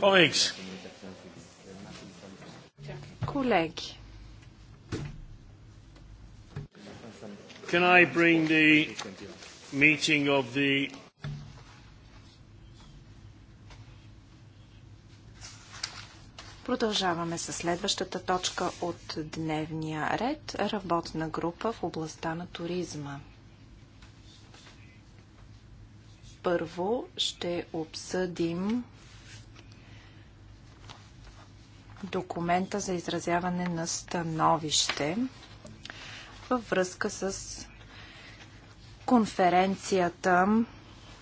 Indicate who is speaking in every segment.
Speaker 1: Colleagues. Колеги. Can I bring the meeting of the Продължаваме с следващата точка от дневния ред – работна група в областта на туризма. Първо ще обсъдим документа за изразяване на становище във връзка с конференцията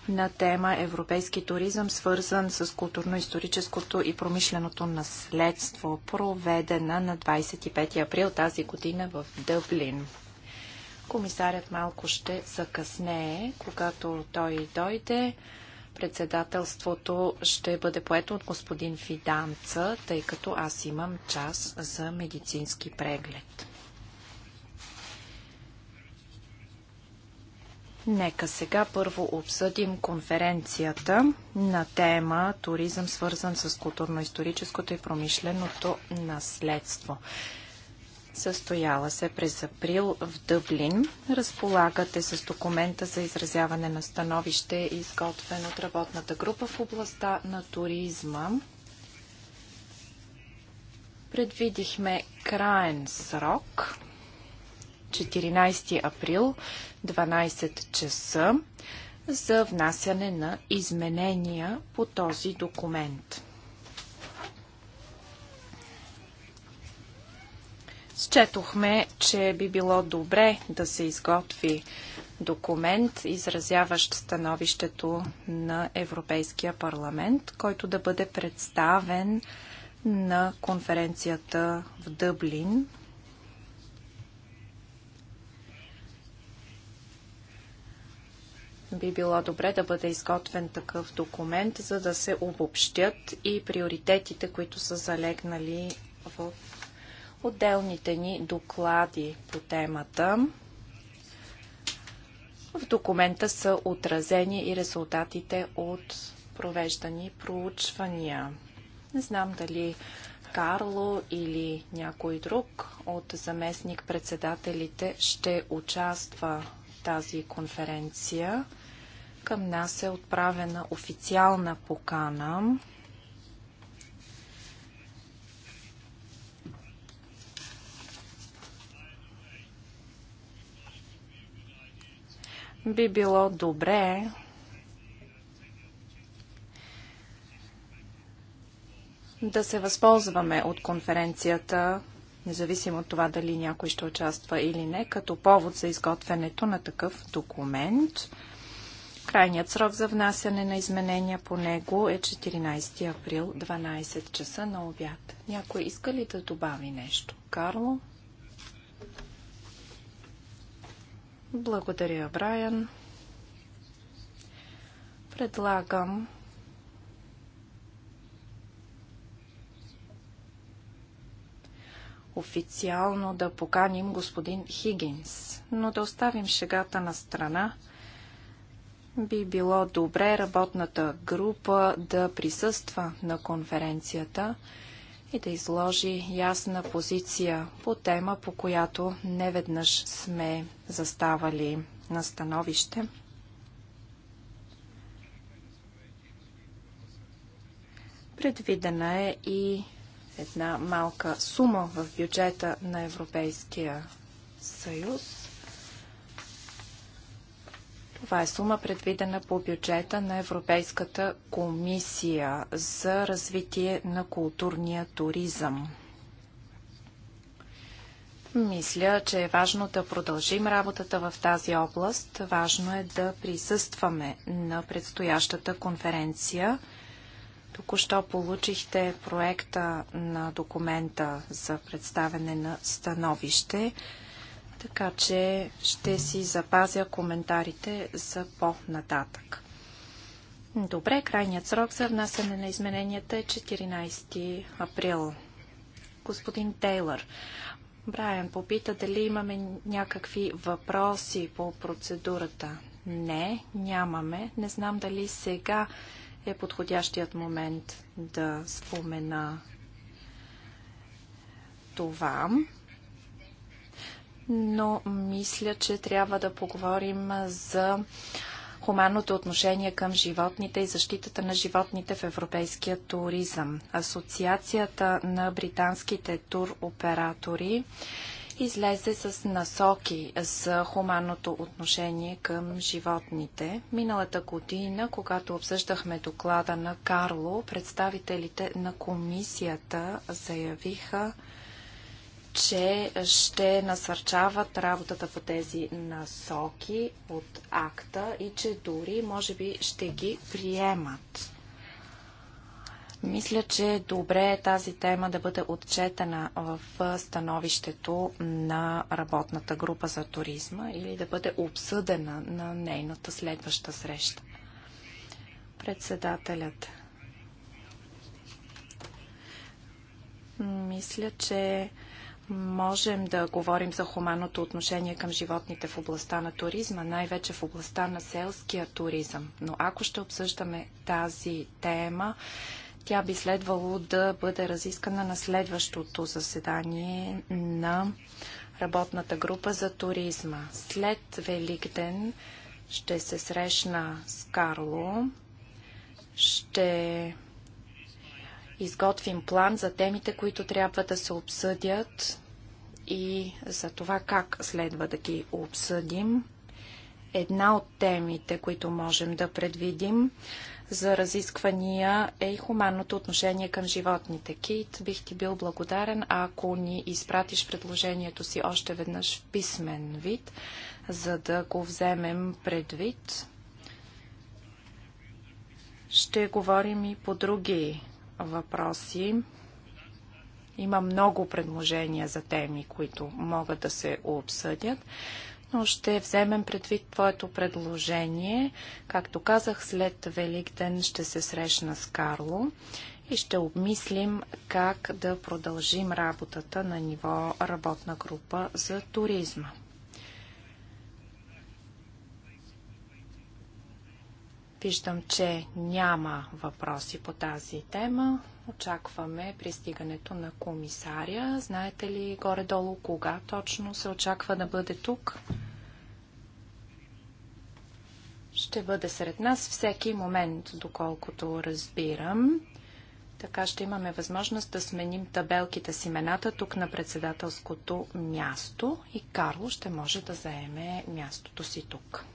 Speaker 1: на тема Европейски туризъм, свързан с културно-историческото и промишленото наследство, проведена на 25 април тази година в Дъблин. Комисарят малко ще закъснее, когато той дойде. Председателството ще бъде поето от господин Фиданца, тъй като аз имам час за медицински преглед. Нека сега първо обсъдим конференцията на тема Туризъм, свързан с културно-историческото и промишленото наследство състояла се през април в Дъблин. Разполагате с документа за изразяване на становище, изготвен от работната група в областта на туризма. Предвидихме краен срок 14 април 12 часа за внасяне на изменения по този документ. Счетохме, че би било добре да се изготви документ, изразяващ становището на Европейския парламент, който да бъде представен на конференцията в Дъблин. Би било добре да бъде изготвен такъв документ, за да се обобщят и приоритетите, които са залегнали в отделните ни доклади по темата. В документа са отразени и резултатите от провеждани проучвания. Не знам дали Карло или някой друг от заместник-председателите ще участва в тази конференция. Към нас е отправена официална покана. би било добре да се възползваме от конференцията, независимо от това дали някой ще участва или не, като повод за изготвянето на такъв документ. Крайният срок за внасяне на изменения по него е 14 април, 12 часа на обяд. Някой иска ли да добави нещо? Карло? Благодаря, Брайан. Предлагам официално да поканим господин Хигинс, но да оставим шегата на страна. Би било добре работната група да присъства на конференцията и да изложи ясна позиция по тема, по която неведнъж сме заставали на становище. Предвидена е и една малка сума в бюджета на Европейския съюз това е сума предвидена по бюджета на Европейската комисия за развитие на културния туризъм. Мисля, че е важно да продължим работата в тази област. Важно е да присъстваме на предстоящата конференция. Току-що получихте проекта на документа за представяне на становище така че ще си запазя коментарите за по-нататък. Добре, крайният срок за внасяне на измененията е 14 април. Господин Тейлър, Брайан попита дали имаме някакви въпроси по процедурата. Не, нямаме. Не знам дали сега е подходящият момент да спомена това но мисля, че трябва да поговорим за хуманното отношение към животните и защитата на животните в европейския туризъм. Асоциацията на британските туроператори излезе с насоки за хуманното отношение към животните. Миналата година, когато обсъждахме доклада на Карло, представителите на комисията заявиха, че ще насърчават работата по тези насоки от акта и че дори, може би, ще ги приемат. Мисля, че добре е тази тема да бъде отчетена в становището на работната група за туризма или да бъде обсъдена на нейната следваща среща. Председателят. Мисля, че можем да говорим за хуманното отношение към животните в областта на туризма, най-вече в областта на селския туризъм. Но ако ще обсъждаме тази тема, тя би следвало да бъде разискана на следващото заседание на работната група за туризма. След Великден ще се срещна с Карло, ще изготвим план за темите, които трябва да се обсъдят и за това как следва да ги обсъдим. Една от темите, които можем да предвидим за разисквания е и хуманното отношение към животните. Кейт, бих ти бил благодарен, ако ни изпратиш предложението си още веднъж в писмен вид, за да го вземем предвид. Ще говорим и по други въпроси. Има много предложения за теми, които могат да се обсъдят, но ще вземем предвид твоето предложение. Както казах, след Велик ден ще се срещна с Карло и ще обмислим как да продължим работата на ниво работна група за туризма. Виждам, че няма въпроси по тази тема. Очакваме пристигането на комисаря. Знаете ли горе-долу кога точно се очаква да бъде тук? Ще бъде сред нас всеки момент, доколкото разбирам. Така ще имаме възможност да сменим табелките с имената тук на председателското място и Карло ще може да заеме мястото си тук.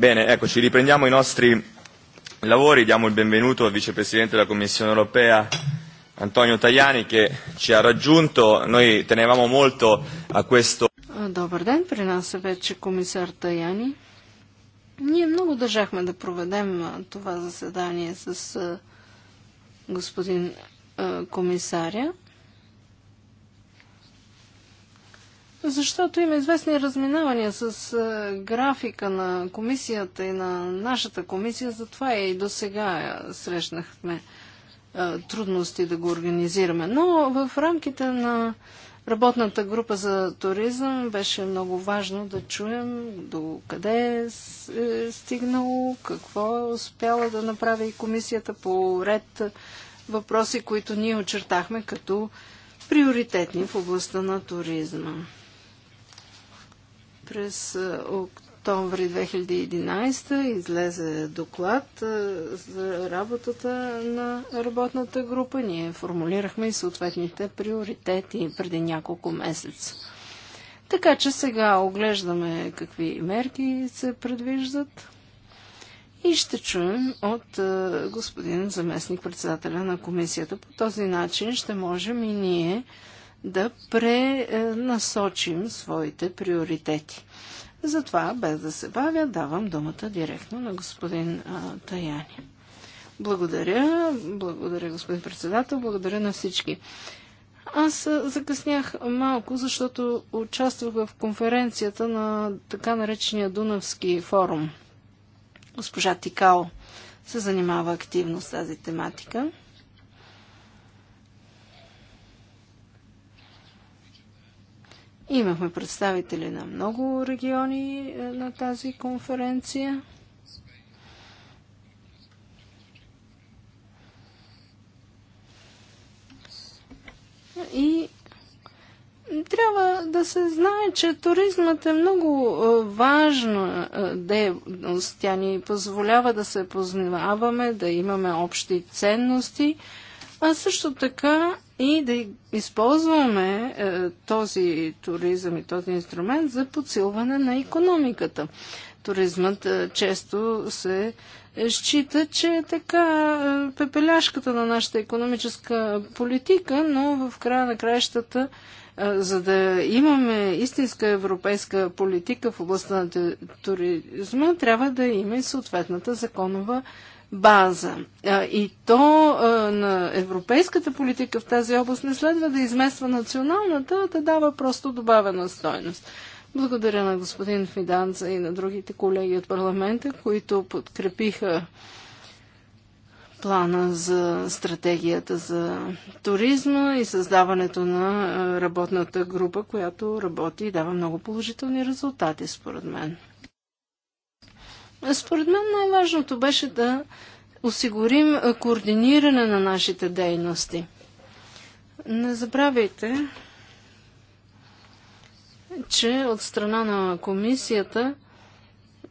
Speaker 1: Bene, eccoci, riprendiamo
Speaker 2: i nostri lavori. Diamo il benvenuto al vicepresidente della Commissione europea Antonio Tajani che ci ha raggiunto. Noi tenevamo molto a questo.
Speaker 3: Добър ден, при нас е вече комисар Таяни. Ние много държахме да проведем това заседание с господин комисаря. защото има известни разминавания с е, графика на комисията и на нашата комисия, затова и до сега е, срещнахме е, трудности да го организираме. Но в рамките на работната група за туризъм беше много важно да чуем до къде е стигнало, какво е успяла да направи комисията по ред въпроси, които ние очертахме като приоритетни в областта на туризма. През е, октомври 2011 излезе доклад е, за работата на работната група. Ние формулирахме и съответните приоритети преди няколко месеца. Така че сега оглеждаме какви мерки се предвиждат и ще чуем от е, господин заместник председателя на комисията. По този начин ще можем и ние да пренасочим своите приоритети. Затова, без да се бавя, давам думата директно на господин а, Таяни. Благодаря, благодаря господин председател, благодаря на всички. Аз закъснях малко, защото участвах в конференцията на така наречения Дунавски форум. Госпожа Тикао се занимава активно с тази тематика. Имахме представители на много региони е, на тази конференция. И трябва да се знае, че туризмът е много е, важна е, дейност. Тя ни позволява да се познаваме, да имаме общи ценности – а също така и да използваме е, този туризъм и този инструмент за подсилване на економиката. Туризмът е, често се е, счита, че е така е, пепеляшката на нашата економическа политика, но в края на краищата, е, за да имаме истинска европейска политика в областта на туризма, трябва да има и съответната законова база. И то на европейската политика в тази област не следва да измества националната, а да дава просто добавена стойност. Благодаря на господин Фиданца и на другите колеги от парламента, които подкрепиха плана за стратегията за туризма и създаването на работната група, която работи и дава много положителни резултати, според мен. Според мен най-важното беше да осигурим координиране на нашите дейности. Не забравяйте, че от страна на комисията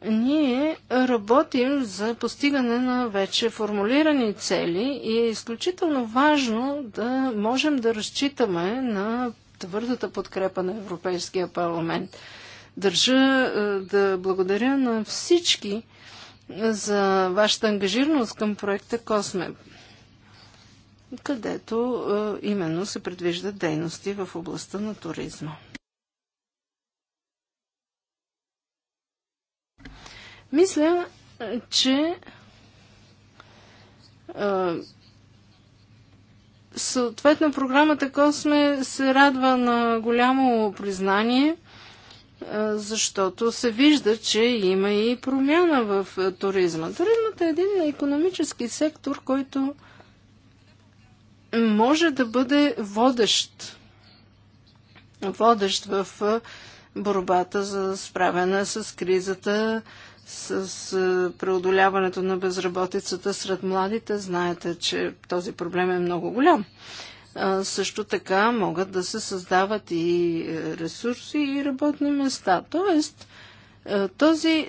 Speaker 3: ние работим за постигане на вече формулирани цели и е изключително важно да можем да разчитаме на твърдата подкрепа на Европейския парламент. Държа е, да благодаря на всички е, за вашата ангажираност към проекта Косме, където е, именно се предвиждат дейности в областта на туризма. Мисля, че съответно програмата Косме се радва на голямо признание – защото се вижда, че има и промяна в туризма. Туризмът е един економически сектор, който може да бъде водещ. Водещ в борбата за справяне с кризата, с преодоляването на безработицата сред младите. Знаете, че този проблем е много голям също така могат да се създават и е, ресурси и работни места. Тоест, е, този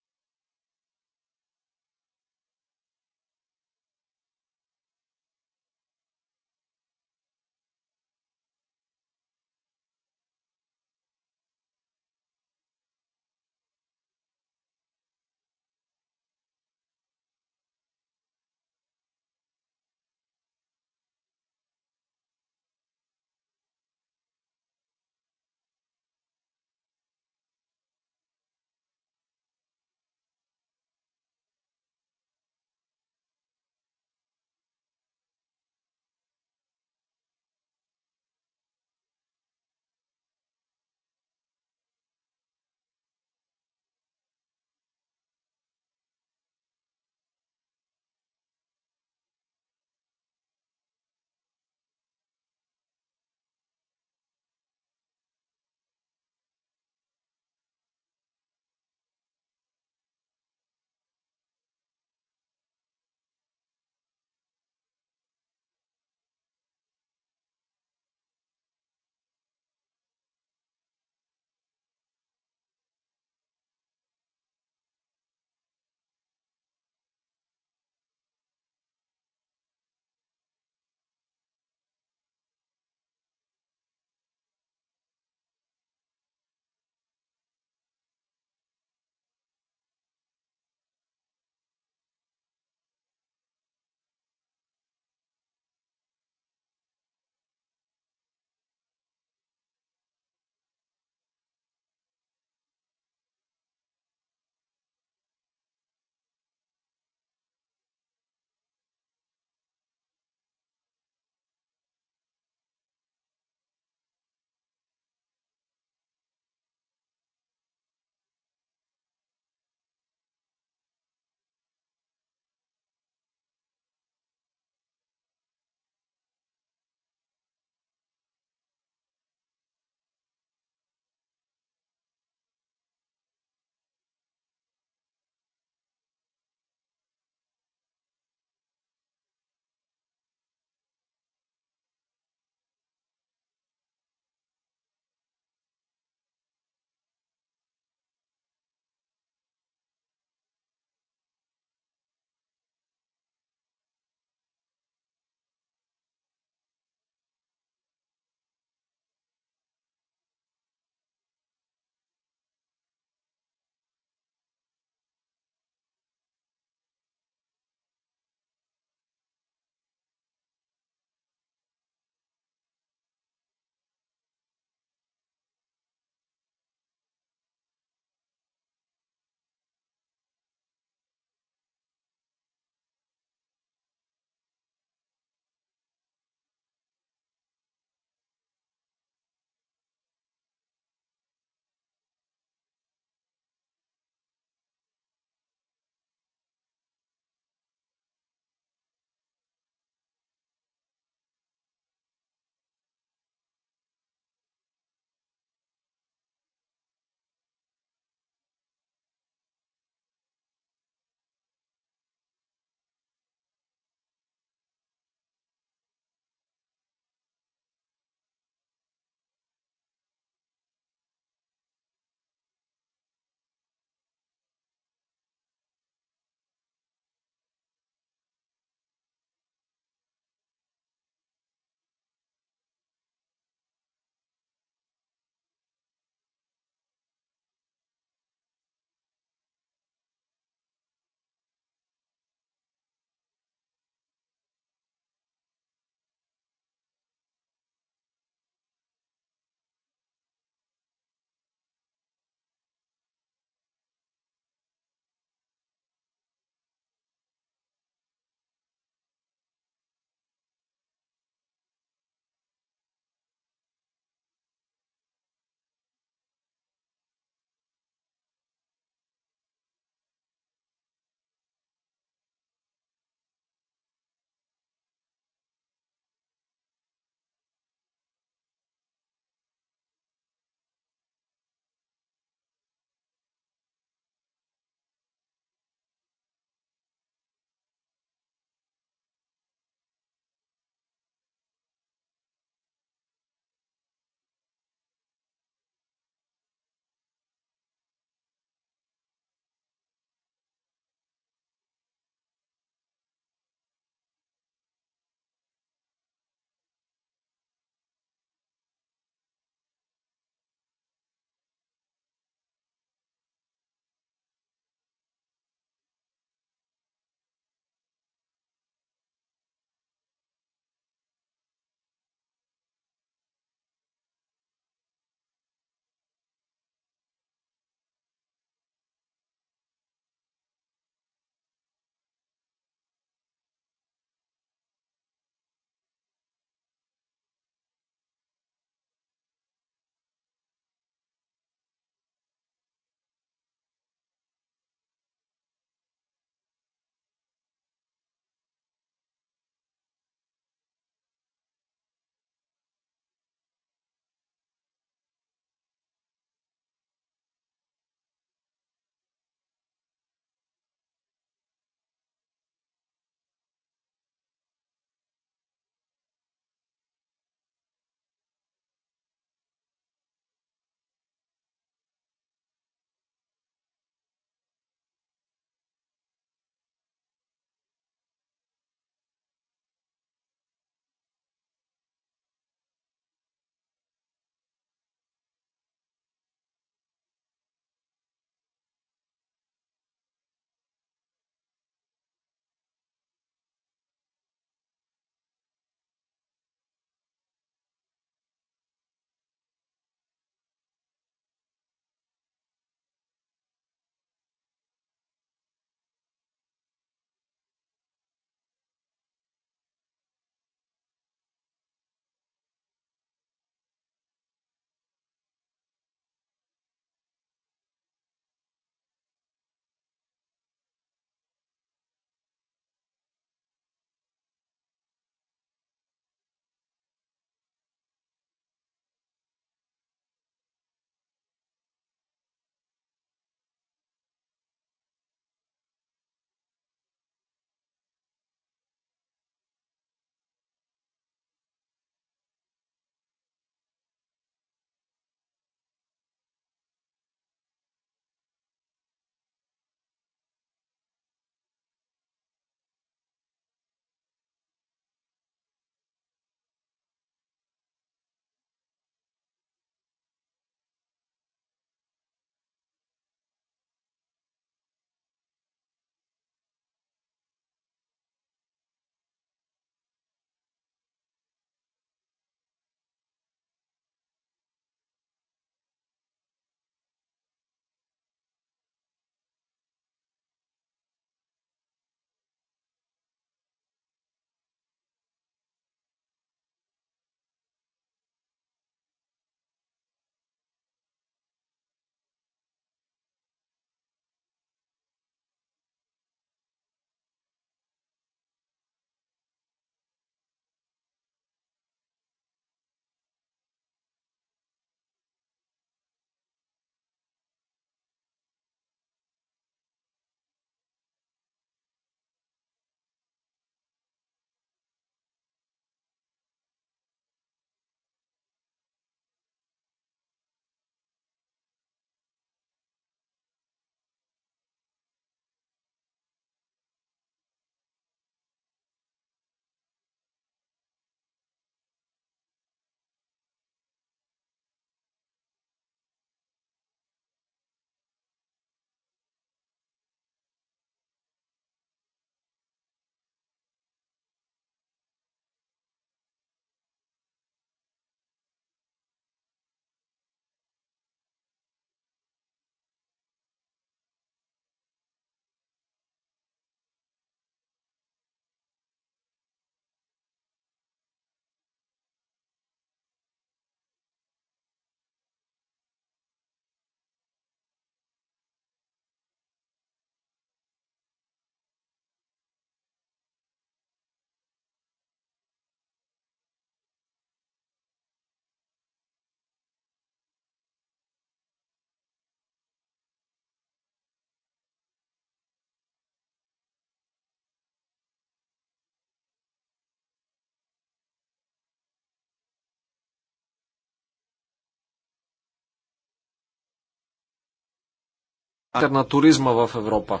Speaker 2: на туризма в Европа.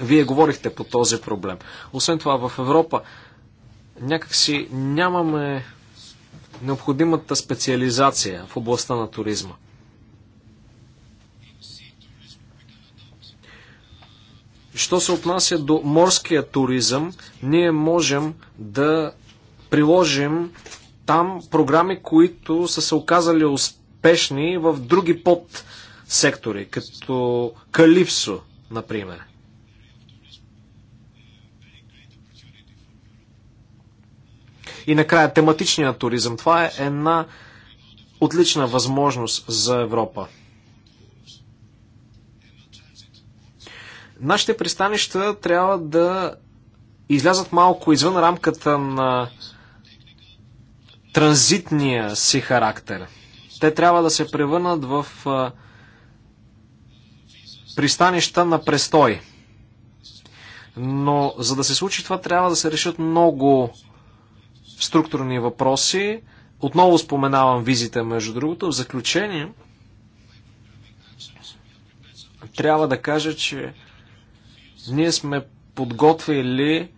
Speaker 2: Вие говорихте по този проблем. Освен това, в Европа някакси нямаме необходимата специализация в областта на туризма. Що се отнася до морския туризъм, ние можем да приложим там програми, които са се оказали успешни в други под сектори, като Калипсо, например. И накрая тематичният туризъм. Това е една отлична възможност за Европа. Нашите пристанища трябва да излязат малко извън рамката на транзитния си характер. Те трябва да се превърнат в пристанища на престой. Но за да се случи това, трябва да се решат много структурни въпроси. Отново споменавам визите, между другото. В заключение, трябва да кажа, че ние сме подготвили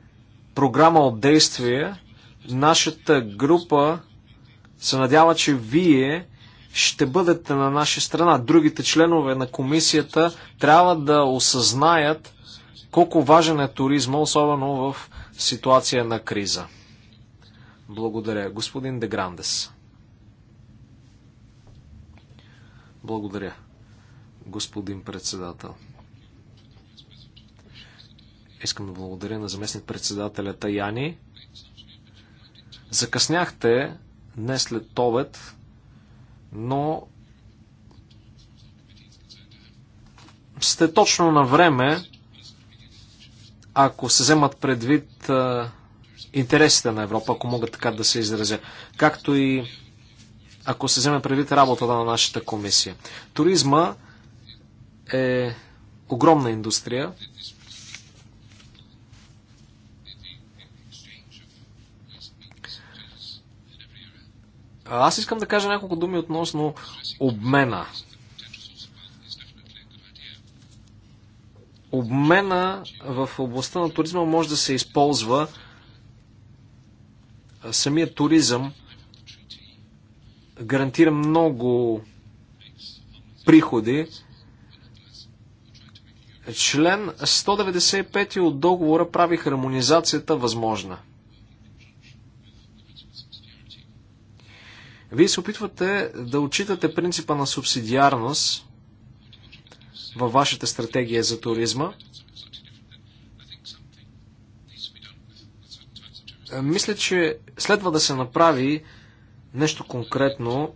Speaker 2: програма от действие. Нашата група се надява, че вие ще бъдете на наша страна. Другите членове на комисията трябва да осъзнаят колко важен е туризма, особено в ситуация на криза. Благодаря. Господин Деграндес. Благодаря, господин председател. Искам да благодаря на заместник председателя Таяни. Закъсняхте днес след обед, но сте точно на време, ако се вземат предвид а, интересите на Европа, ако мога така да се изразя, както и ако се вземе предвид работата на нашата комисия. Туризма е огромна индустрия, Аз искам да кажа няколко думи относно обмена. Обмена в областта на туризма може да се използва самия туризъм гарантира много приходи. Член 195 от договора прави хармонизацията възможна. Вие се опитвате да отчитате принципа на субсидиарност във вашата стратегия за туризма. Мисля, че следва да се направи нещо конкретно,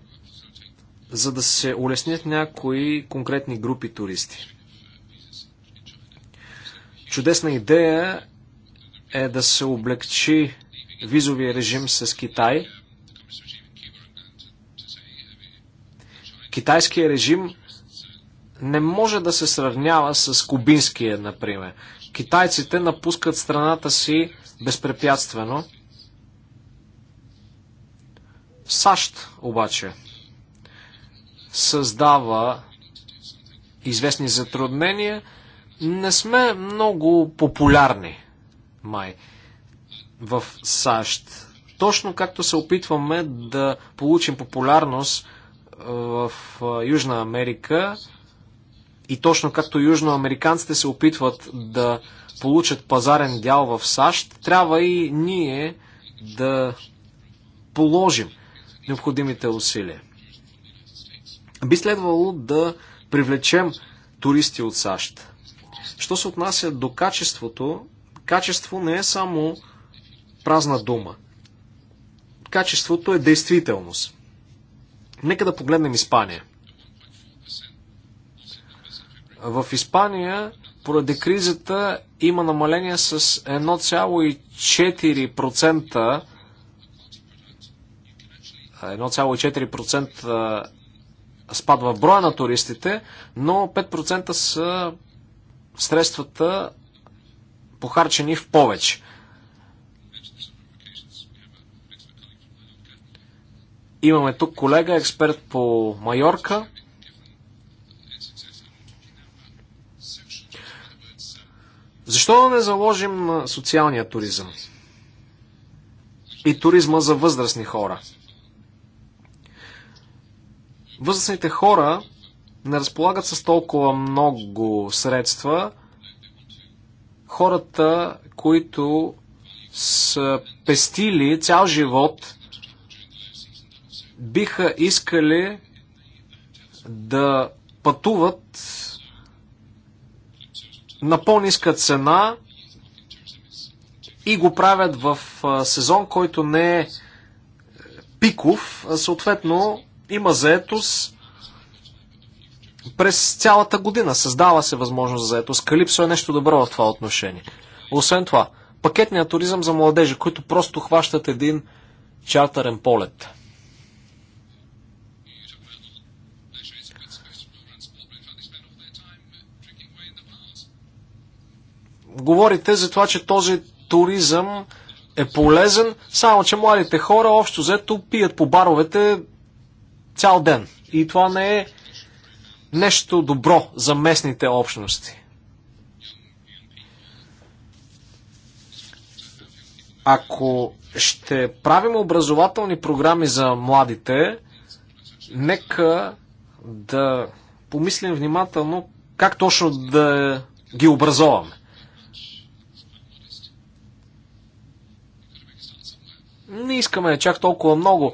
Speaker 2: за да се улеснят някои конкретни групи туристи. Чудесна идея е да се облегчи визовия режим с Китай – Китайския режим не може да се сравнява с кубинския, например. Китайците напускат страната си безпрепятствено. САЩ обаче създава известни затруднения. Не сме много популярни, май, в САЩ. Точно както се опитваме да получим популярност в Южна Америка и точно както южноамериканците се опитват да получат пазарен дял в САЩ, трябва и ние да положим необходимите усилия. Би следвало да привлечем туристи от САЩ. Що се отнася до качеството, качество не е само празна дума. Качеството е действителност. Нека да погледнем Испания. В Испания поради кризата има намаление с 1,4%. 1,4% спад в броя на туристите, но 5% са средствата похарчени в повече. Имаме тук колега, експерт по Майорка. Защо да не заложим социалния туризъм? И туризма за възрастни хора. Възрастните хора не разполагат с толкова много средства. Хората, които са пестили цял живот биха искали да пътуват на по-ниска цена и го правят в сезон, който не е пиков, съответно има заетост през цялата година. Създава се възможност за заетост. Калипсо е нещо добро в това отношение. Освен това, пакетният туризъм за младежи, които просто хващат един чартарен полет – Говорите за това, че този туризъм е полезен, само че младите хора общо взето пият по баровете цял ден. И това не е нещо добро за местните общности. Ако ще правим образователни програми за младите, нека да помислим внимателно как точно да ги образоваме. Не искаме чак толкова много.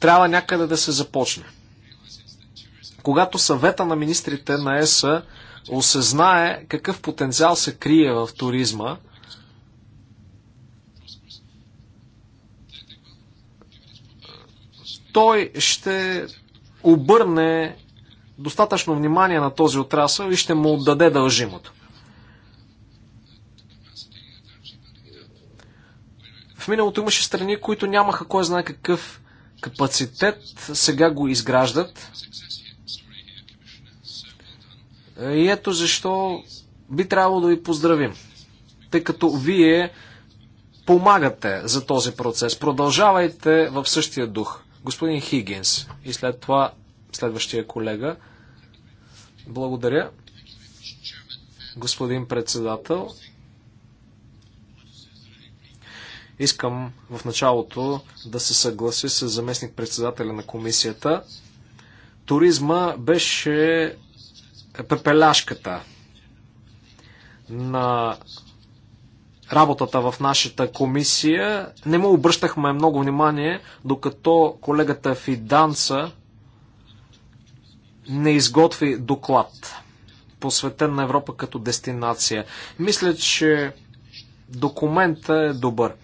Speaker 2: Трябва някъде да се започне. Когато съвета на министрите на ЕСА осъзнае какъв потенциал се крие в туризма, той ще обърне достатъчно внимание на този отрасъл и ще му отдаде дължимото. миналото имаше страни, които нямаха кой знае какъв капацитет, сега го изграждат. И ето защо би трябвало да ви поздравим, тъй като вие помагате за този процес. Продължавайте в същия дух. Господин Хигинс и след това следващия колега. Благодаря. Господин председател, Искам в началото да се съгласи с заместник председателя на комисията. Туризма беше пепеляшката на работата в нашата комисия. Не му обръщахме много внимание, докато колегата Фиданца не изготви доклад, посветен на Европа като дестинация. Мисля, че документът е добър.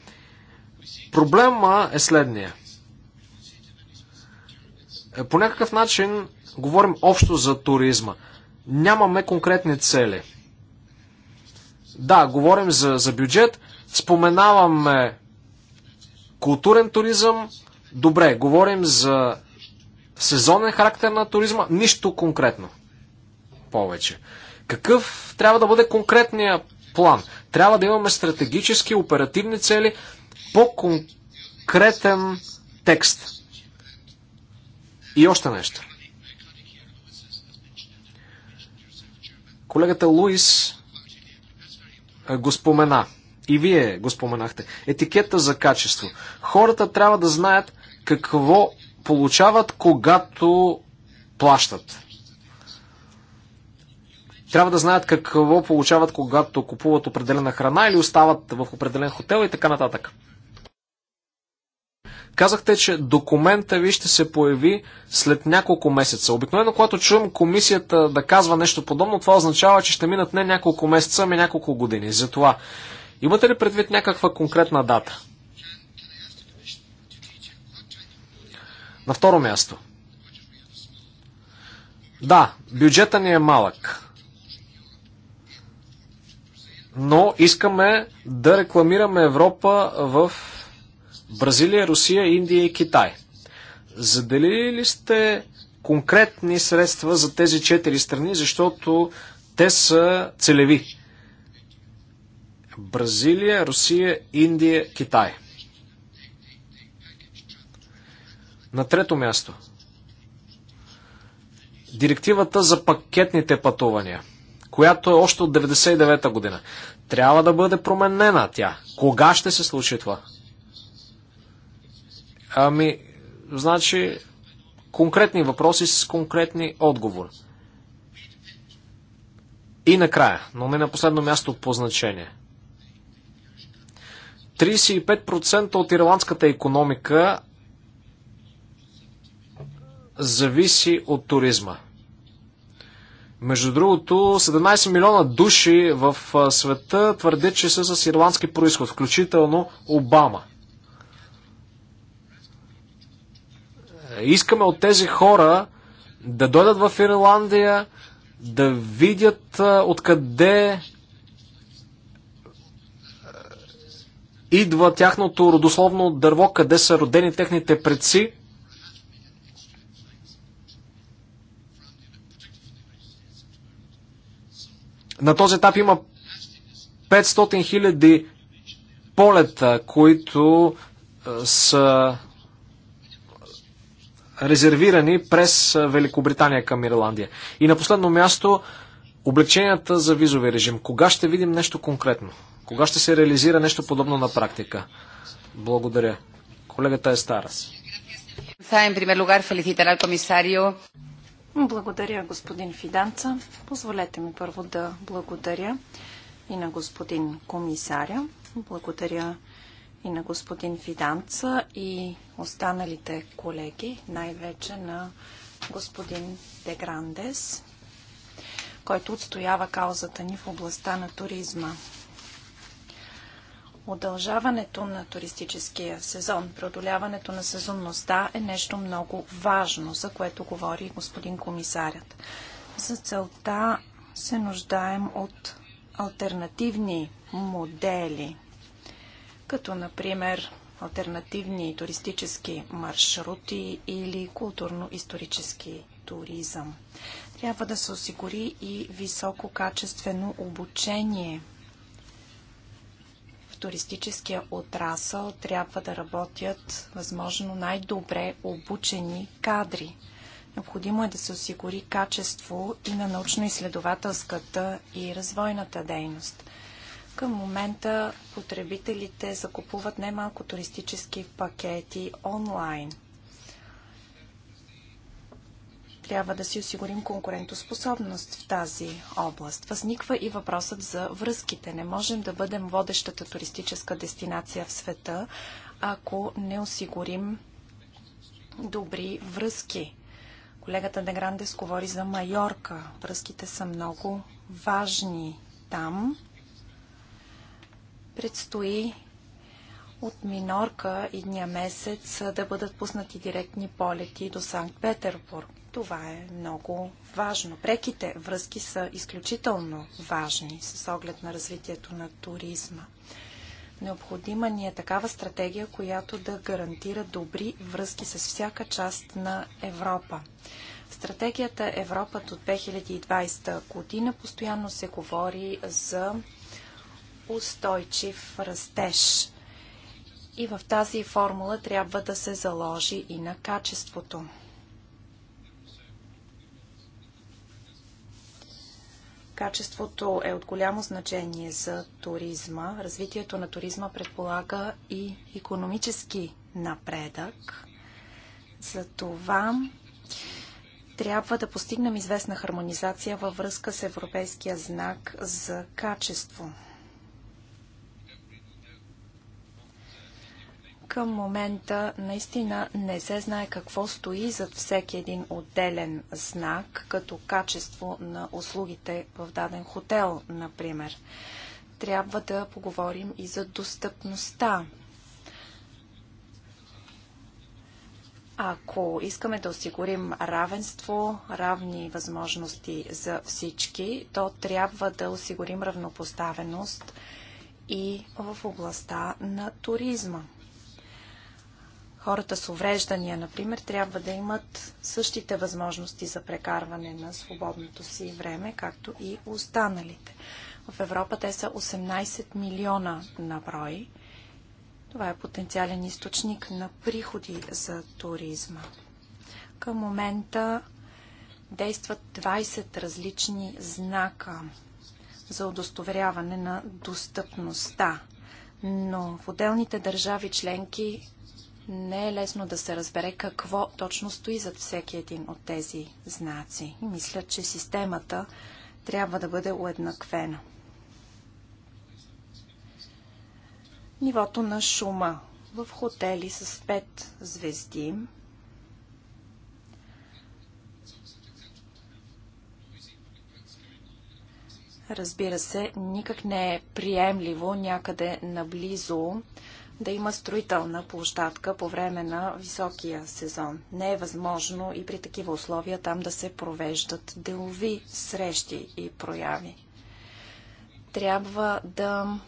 Speaker 2: Проблема е следния. Е, по някакъв начин говорим общо за туризма. Нямаме конкретни цели. Да, говорим за, за бюджет, споменаваме културен туризъм, добре, говорим за сезонен характер на туризма, нищо конкретно повече. Какъв трябва да бъде конкретния план? Трябва да имаме стратегически, оперативни цели, по-конкретен текст. И още нещо. Колегата Луис го спомена. И вие го споменахте. Етикета за качество. Хората трябва да знаят какво получават, когато плащат. Трябва да знаят какво получават, когато купуват определена храна или остават в определен хотел и така нататък. Казахте, че документа ви ще се появи след няколко месеца. Обикновено, когато чувам комисията да казва нещо подобно, това означава, че ще минат не няколко месеца, ами няколко години. Затова, имате ли предвид някаква конкретна дата? На второ място. Да, бюджета ни е малък. Но искаме да рекламираме Европа в Бразилия, Русия, Индия и Китай. Заделили ли сте конкретни средства за тези четири страни, защото те са целеви? Бразилия, Русия, Индия, Китай. На трето място. Директивата за пакетните пътувания, която е още от 99-та година. Трябва да бъде променена тя. Кога ще се случи това? Ами, значи, конкретни въпроси с конкретни отговори. И накрая, но не на последно място по значение. 35% от ирландската економика зависи от туризма. Между другото, 17 милиона души в света твърдят, че са с ирландски происход, включително Обама – Искаме от тези хора да дойдат в Ирландия, да видят откъде идва тяхното родословно дърво, къде са родени техните предци. На този етап има 500 000 полета, които са резервирани през Великобритания към Ирландия. И на последно място, облегченията за визови режим. Кога ще видим нещо конкретно? Кога ще се реализира нещо подобно на практика? Благодаря. Колегата е Старас.
Speaker 1: Благодаря, господин Фиданца. Позволете ми първо да благодаря и на господин комисаря. Благодаря и на господин Фиданца и останалите колеги, най-вече на господин Деграндес, който отстоява каузата ни в областта на туризма. Удължаването на туристическия сезон, преодоляването на сезонността е нещо много важно, за което говори господин комисарят. За целта се нуждаем от альтернативни модели – като например альтернативни туристически маршрути или културно-исторически туризъм. Трябва да се осигури и висококачествено обучение. В туристическия отрасъл трябва да работят възможно най-добре обучени кадри. Необходимо е да се осигури качество и на научно-изследователската и развойната дейност. Към момента потребителите закупуват немалко туристически пакети онлайн. Трябва да си осигурим конкурентоспособност в тази област. Възниква и въпросът за връзките. Не можем да бъдем водещата туристическа дестинация в света, ако не осигурим добри връзки. Колегата Деграндес говори за Майорка. Връзките са много важни там. Предстои от Минорка идния месец да бъдат пуснати директни полети до Санкт-Петербург. Това е много важно. Преките връзки са изключително важни с оглед на развитието на туризма. Необходима ни е такава стратегия, която да гарантира добри връзки с всяка част на Европа. В стратегията Европа до 2020 година постоянно се говори за устойчив растеж. И в тази формула трябва да се заложи и на качеството. Качеството е от голямо значение за туризма. Развитието на туризма предполага и економически напредък. За това трябва да постигнем известна хармонизация във връзка с европейския знак за качество. Към момента наистина не се знае какво стои зад всеки един отделен знак, като качество на услугите в даден хотел, например. Трябва да поговорим и за достъпността. Ако искаме да осигурим равенство, равни възможности за всички, то трябва да осигурим равнопоставеност и в областта на туризма. Хората с увреждания, например, трябва да имат същите възможности за прекарване на свободното си време, както и останалите. В Европа те са 18 милиона на брой. Това е потенциален източник на приходи за туризма. Към момента действат 20 различни знака за удостоверяване на достъпността. Но в отделните държави членки не е лесно да се разбере какво точно стои зад всеки един от тези знаци. Мисля, че системата трябва да бъде уеднаквена. Нивото на шума в хотели с 5 звезди Разбира се, никак не е приемливо някъде наблизо да има строителна площадка по време на високия сезон. Не е възможно и при такива условия там да се провеждат делови срещи и прояви. Трябва да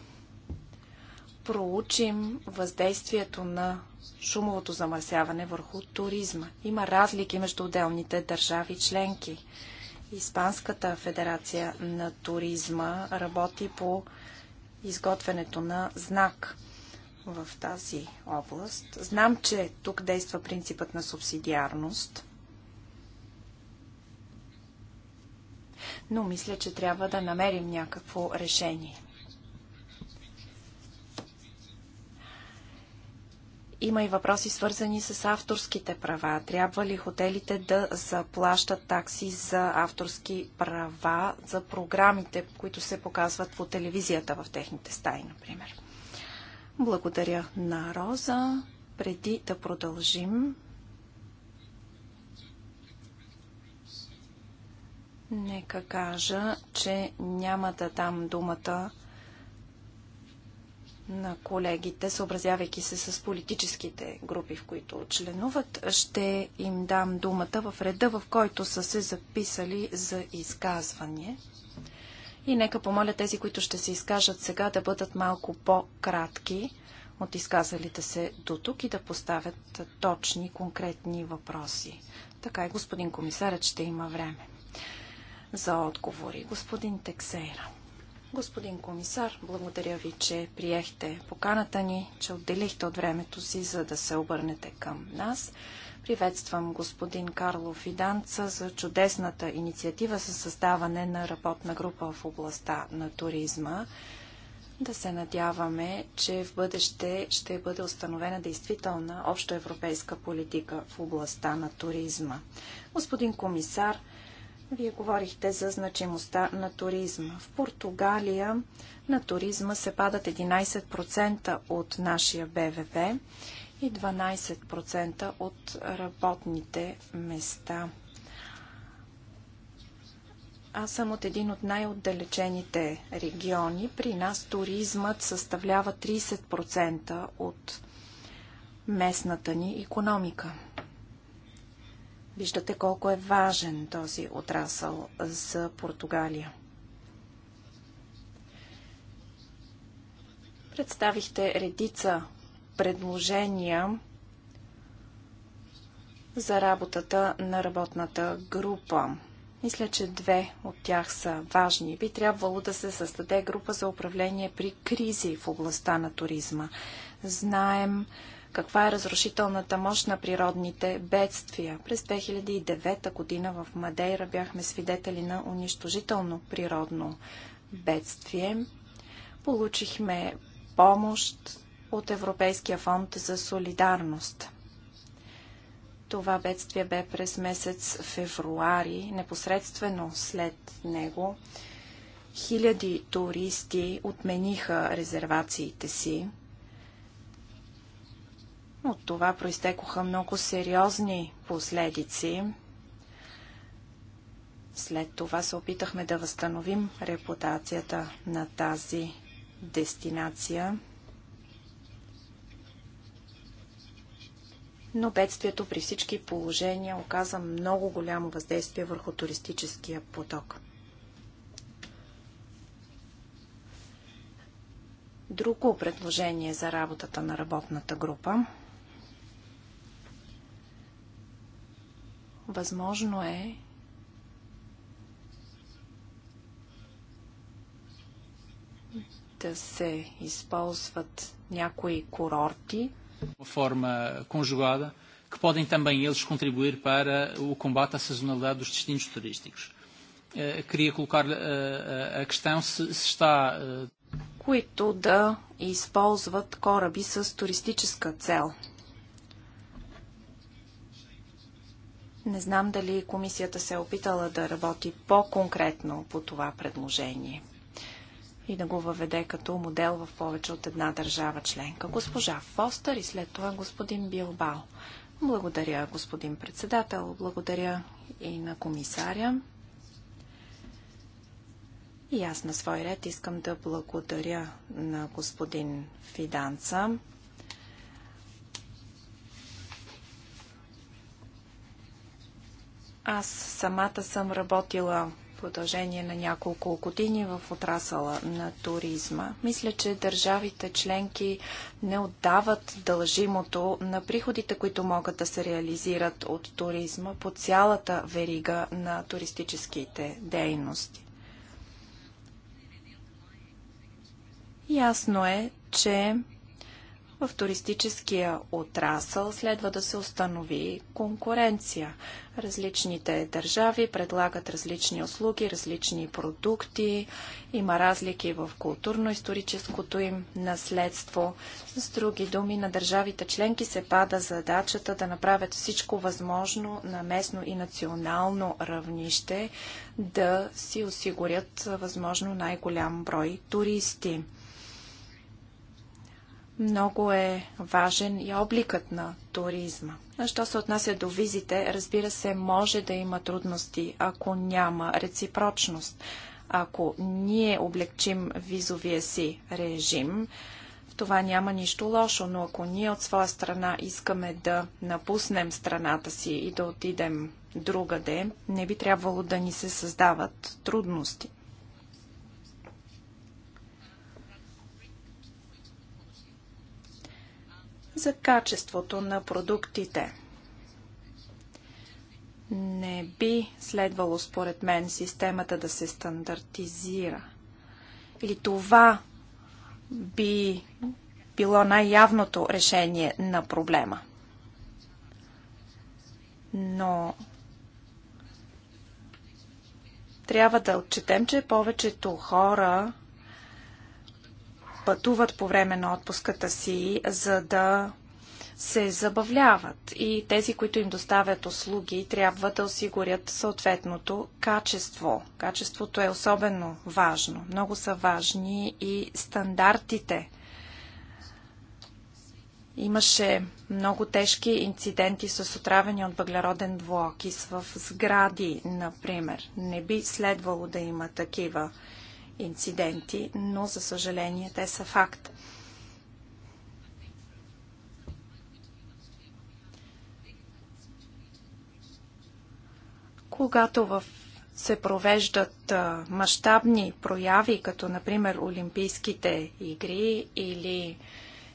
Speaker 1: проучим въздействието на шумовото замърсяване върху туризма. Има разлики между отделните държави членки. Испанската федерация на туризма работи по изготвянето на знак – в тази област. Знам, че тук действа принципът на субсидиарност, но мисля, че трябва да намерим някакво решение. Има и въпроси свързани с авторските права. Трябва ли хотелите да заплащат такси за авторски права за програмите, които се показват по телевизията в техните стаи, например? Благодаря на Роза. Преди да продължим, нека кажа, че няма да дам думата на колегите, съобразявайки се с политическите групи, в които членуват, ще им дам думата в реда, в който са се записали за изказване. И нека помоля тези, които ще се изкажат сега, да бъдат малко по-кратки от изказалите се до тук и да поставят точни, конкретни въпроси. Така и господин комисарът ще има време за отговори. Господин Тексейра. Господин комисар, благодаря ви, че приехте поканата ни, че отделихте от времето си, за да се обърнете към нас. Приветствам господин Карло Фиданца за чудесната инициатива за създаване на работна група в областта на туризма. Да се надяваме, че в бъдеще ще бъде установена действителна общоевропейска политика в областта на туризма. Господин комисар, вие говорихте за значимостта на туризма. В Португалия на туризма се падат 11% от нашия БВП и 12% от работните места. Аз съм от един от най-отдалечените региони. При нас туризмът съставлява 30% от местната ни економика. Виждате колко е важен този отрасъл за Португалия. Представихте редица предложения за работата на работната група. Мисля, че две от тях са важни. Би трябвало да се създаде група за управление при кризи в областта на туризма. Знаем каква е разрушителната мощ на природните бедствия. През 2009 година в Мадейра бяхме свидетели на унищожително природно бедствие. Получихме помощ от Европейския фонд за солидарност. Това бедствие бе през месец февруари, непосредствено след него. Хиляди туристи отмениха резервациите си. От това проистекоха много сериозни последици. След това се опитахме да възстановим репутацията на тази дестинация. но бедствието при всички положения оказа много голямо въздействие върху туристическия поток. Друго предложение за работата на работната група. Възможно е да се използват някои курорти –
Speaker 2: forma conjugada, que podem também eles contribuir para o combate à sazonalidade dos destinos turísticos. Queria colocar a questão se, se está.
Speaker 1: Които да използват кораби с туристическа цел. Не знам дали комисията се е опитала да работи по-конкретно по това предложение и да го въведе като модел в повече от една държава членка. Госпожа Фостър и след това господин Билбао. Благодаря, господин председател. Благодаря и на комисаря. И аз на свой ред искам да благодаря на господин Фиданца. Аз самата съм работила продължение на няколко години в отрасъла на туризма. Мисля, че държавите членки не отдават дължимото на приходите, които могат да се реализират от туризма по цялата верига на туристическите дейности. Ясно е, че в туристическия отрасъл следва да се установи конкуренция. Различните държави предлагат различни услуги, различни продукти, има разлики в културно-историческото им наследство. С други думи, на държавите членки се пада задачата да направят всичко възможно на местно и национално равнище да си осигурят възможно най-голям брой туристи. Много е важен и обликът на туризма. А що се отнася до визите, разбира се, може да има трудности, ако няма реципрочност. Ако ние облегчим визовия си режим, в това няма нищо лошо, но ако ние от своя страна искаме да напуснем страната си и да отидем другаде, не би трябвало да ни се създават трудности. за качеството на продуктите. Не би следвало, според мен, системата да се стандартизира. Или това би било най-явното решение на проблема. Но трябва да отчетем, че повечето хора пътуват по време на отпуската си, за да се забавляват и тези, които им доставят услуги, трябва да осигурят съответното качество. Качеството е особено важно. Много са важни и стандартите. Имаше много тежки инциденти с отравени от въглероден двуокис в сгради, например. Не би следвало да има такива инциденти, но за съжаление те са факт. Когато в се провеждат мащабни прояви, като например Олимпийските игри или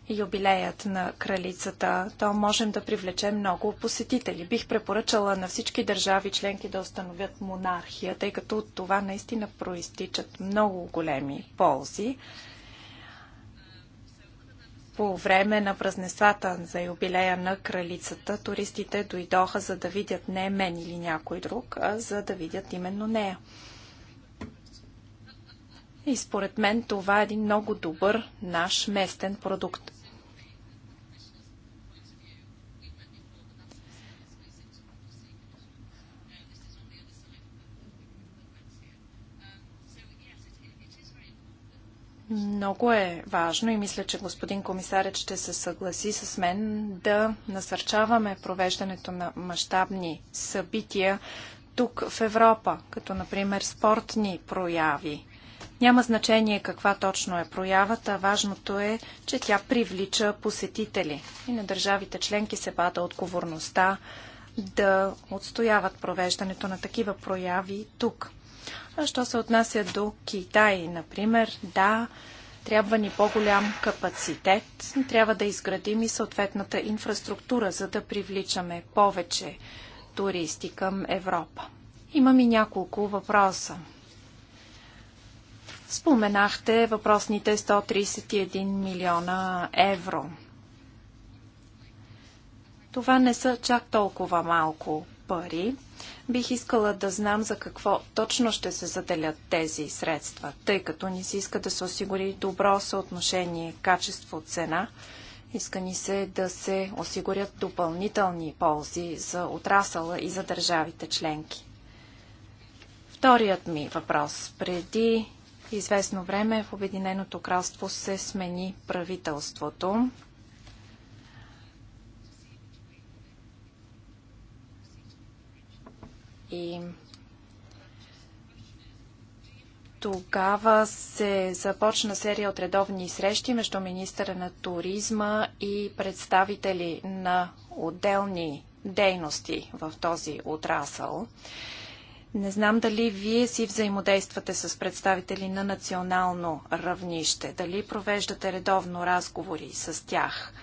Speaker 1: юбилеят на кралицата, то можем да привлечем много посетители. Бих препоръчала на всички държави членки да установят монархия, тъй като от това наистина проистичат много големи ползи. По време на празнествата за юбилея на кралицата, туристите дойдоха за да видят не мен или някой друг, а за да видят именно нея. И според мен това е един много добър наш местен продукт. Много е важно и мисля, че господин комисарят ще се съгласи с мен да насърчаваме провеждането на мащабни събития тук в Европа, като например спортни прояви. Няма значение каква точно е проявата, важното е, че тя привлича посетители и на държавите членки се пада отговорността да отстояват провеждането на такива прояви тук. А що се отнася до Китай, например, да, трябва ни по-голям капацитет, трябва да изградим и съответната инфраструктура, за да привличаме повече туристи към Европа. Имам и няколко въпроса. Споменахте въпросните 131 милиона евро. Това не са чак толкова малко пари. Бих искала да знам за какво точно ще се заделят тези средства, тъй като ни се иска да се осигури добро съотношение качество-цена. Иска ни се да се осигурят допълнителни ползи за отрасъла и за държавите членки. Вторият ми въпрос. Преди известно време в Обединеното кралство се смени правителството. И тогава се започна серия от редовни срещи между министъра на туризма и представители на отделни дейности в този отрасъл. Не знам дали вие си взаимодействате с представители на национално равнище, дали провеждате редовно разговори с тях.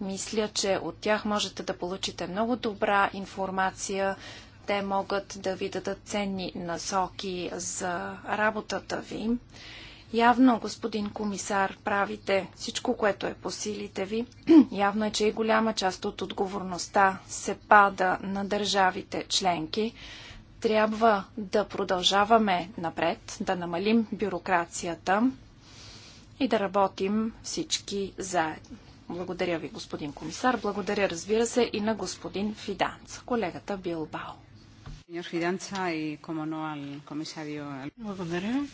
Speaker 1: Мисля, че от тях можете да получите много добра информация. Те могат да ви дадат ценни насоки за работата ви. Явно, господин комисар, правите всичко, което е по силите ви. Явно е, че и голяма част от отговорността се пада на държавите членки трябва да продължаваме напред, да намалим бюрокрацията и да работим всички заедно. Благодаря ви, господин комисар. Благодаря, разбира се, и на господин Фиданц, колегата Билбао.
Speaker 3: Благодаря.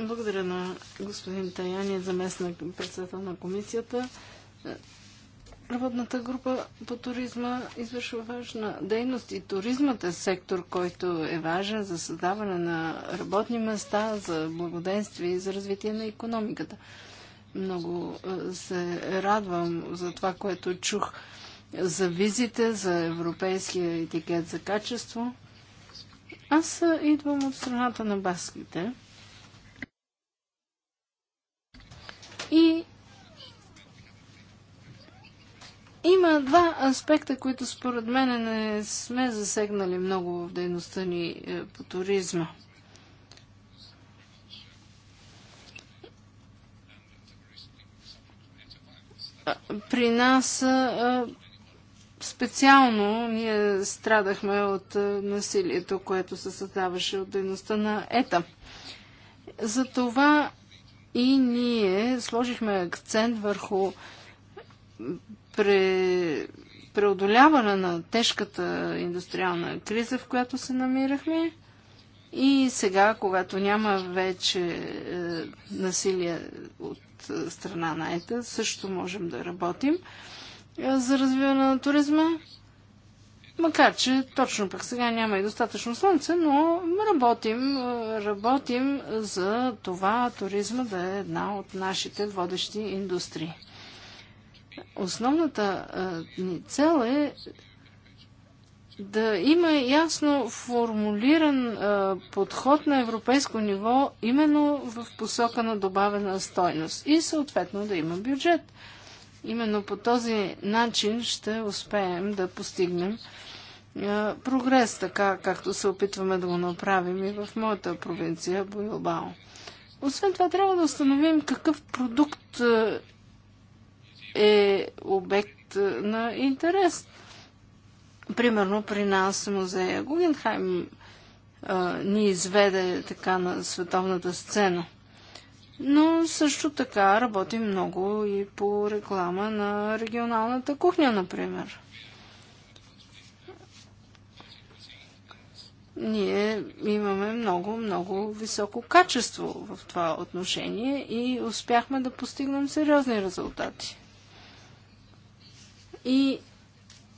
Speaker 3: Благодаря на господин Таяни, заместник председател на комисията. Работната група по туризма извършва важна дейност и туризмът е сектор, който е важен за създаване на работни места, за благоденствие и за развитие на економиката. Много е, се радвам за това, което чух за визите, за европейския етикет за качество. Аз е, идвам от страната на баските. И Има два аспекта, които според мен не сме засегнали много в дейността ни е, по туризма. При нас специално ние страдахме от насилието, което се създаваше от дейността на ЕТА. Затова и ние сложихме акцент върху пре, преодоляване на тежката индустриална криза, в която се намирахме. И сега, когато няма вече е, насилие от е, страна на ЕТА, също можем да работим е, за развиване на туризма. Макар, че точно пък сега няма и достатъчно слънце, но работим, е, работим за това туризма да е една от нашите водещи индустрии. Основната ни цел е да има ясно формулиран а, подход на европейско ниво, именно в посока на добавена стойност и съответно да има бюджет. Именно по този начин ще успеем да постигнем а, прогрес, така както се опитваме да го направим и в моята провинция Боилбао. Освен това, трябва да установим какъв продукт е обект е, на интерес. Примерно при нас музея Гугенхайм а, е, ни изведе така на световната сцена. Но също така работи много и по реклама на регионалната кухня, например. Ние имаме много, много високо качество в това отношение и успяхме да постигнем сериозни резултати. И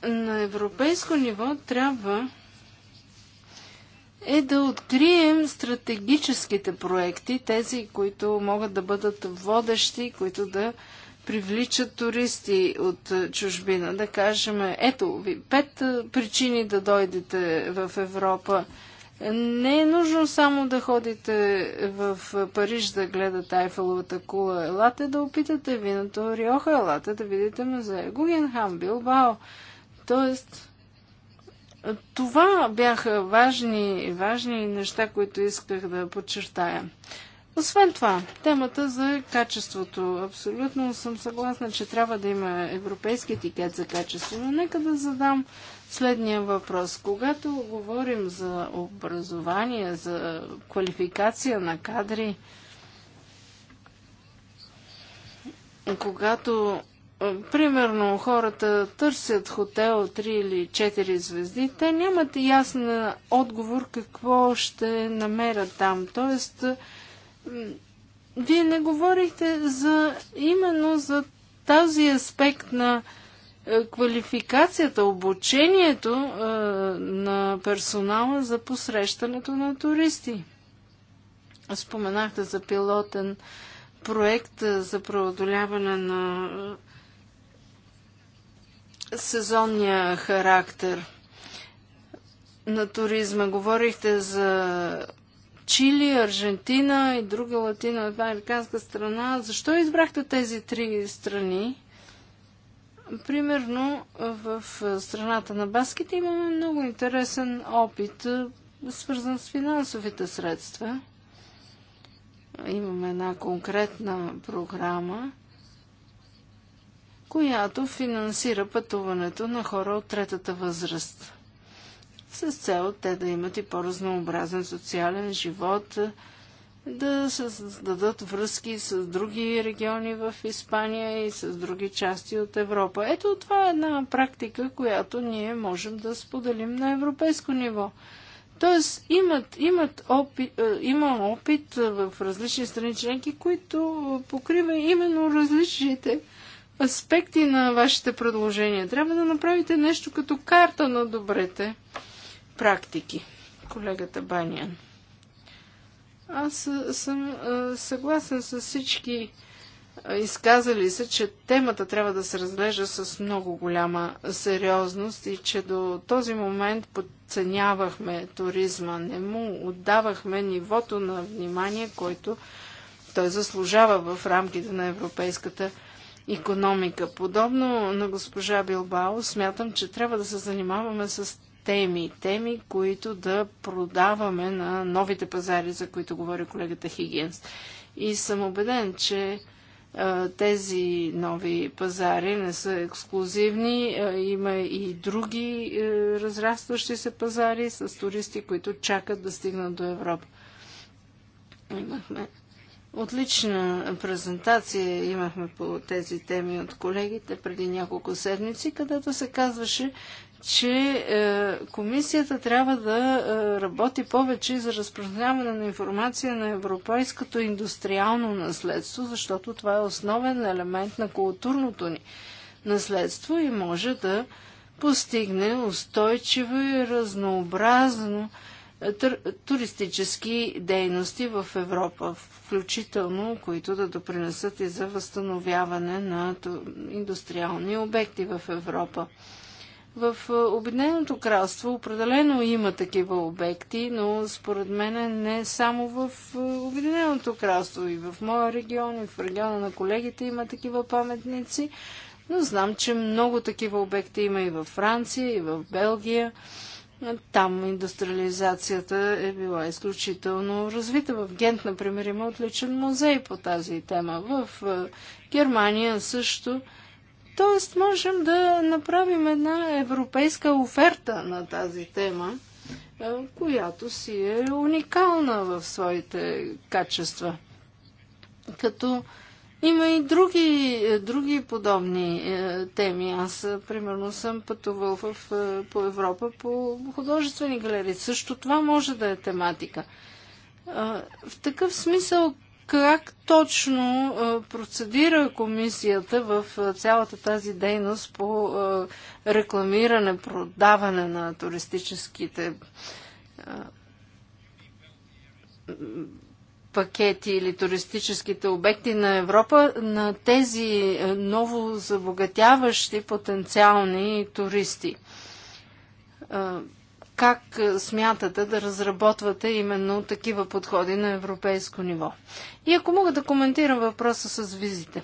Speaker 3: на европейско ниво трябва е да открием стратегическите проекти, тези, които могат да бъдат водещи, които да привличат туристи от чужбина. Да кажем, ето ви пет причини да дойдете в Европа не е нужно само да ходите в Париж да гледате Айфеловата кула. Елате да опитате виното Риоха, елате да видите музея Гугенхам, Билбао. Тоест, това бяха важни, важни неща, които исках да подчертая. Освен това, темата за качеството. Абсолютно съм съгласна, че трябва да има европейски етикет за качество, но нека да задам следния въпрос. Когато говорим за образование, за квалификация на кадри, когато примерно хората търсят хотел 3 или 4 звезди, те нямат ясен отговор какво ще намерят там. Тоест, вие не говорихте за именно за този аспект на квалификацията, обучението на персонала за посрещането на туристи. Споменахте за пилотен проект за преодоляване на сезонния характер на туризма. Говорихте за Чили, Аржентина и друга латиноамериканска страна. Защо избрахте тези три страни? Примерно в страната на баските имаме много интересен опит, свързан с финансовите средства. Имаме една конкретна програма, която финансира пътуването на хора от третата възраст. С цел те да имат и по-разнообразен социален живот, да създадат връзки с други региони в Испания и с други части от Европа. Ето това е една практика, която ние можем да споделим на европейско ниво. Тоест имат, имат опит, е, има опит в различни страни членки, които покрива именно различните аспекти на вашите предложения. Трябва да направите нещо като карта на добрите практики, колегата Баниан. Аз съм съгласен с всички изказали се, че темата трябва да се разглежда с много голяма сериозност и че до този момент подценявахме туризма, не му отдавахме нивото на внимание, който той заслужава в рамките на европейската економика. Подобно на госпожа Билбао, смятам, че трябва да се занимаваме с теми. Теми, които да продаваме на новите пазари, за които говори колегата Хигенс. И съм убеден, че тези нови пазари не са ексклюзивни. Има и други е, разрастващи се пазари с туристи, които чакат да стигнат до Европа. Имахме отлична презентация имахме по тези теми от колегите преди няколко седмици, където се казваше, че е, комисията трябва да е, работи повече за разпространяване на информация на европейското индустриално наследство, защото това е основен елемент на културното ни наследство и може да постигне устойчиво и разнообразно е, туристически дейности в Европа, включително които да допринесат и за възстановяване на индустриални обекти в Европа. В е, Обединеното кралство определено има такива обекти, но според мен не само в е, Обединеното кралство. И в моя регион, и в региона на колегите има такива паметници. Но знам, че много такива обекти има и във Франция, и в Белгия. Там индустриализацията е била изключително развита. В Гент, например, има отличен музей по тази тема. В е, Германия също Тоест, можем да направим една европейска оферта на тази тема, която си е уникална в своите качества. Като има и други, е, други подобни е, теми. Аз, е, примерно, съм пътувал в, по Европа по художествени галерии. Също това може да е тематика. в такъв смисъл как точно процедира комисията в цялата тази дейност по рекламиране, продаване на туристическите пакети или туристическите обекти на Европа на тези ново забогатяващи потенциални туристи? как е, смятате да разработвате именно такива подходи на европейско ниво? И ако мога да коментирам въпроса с визите.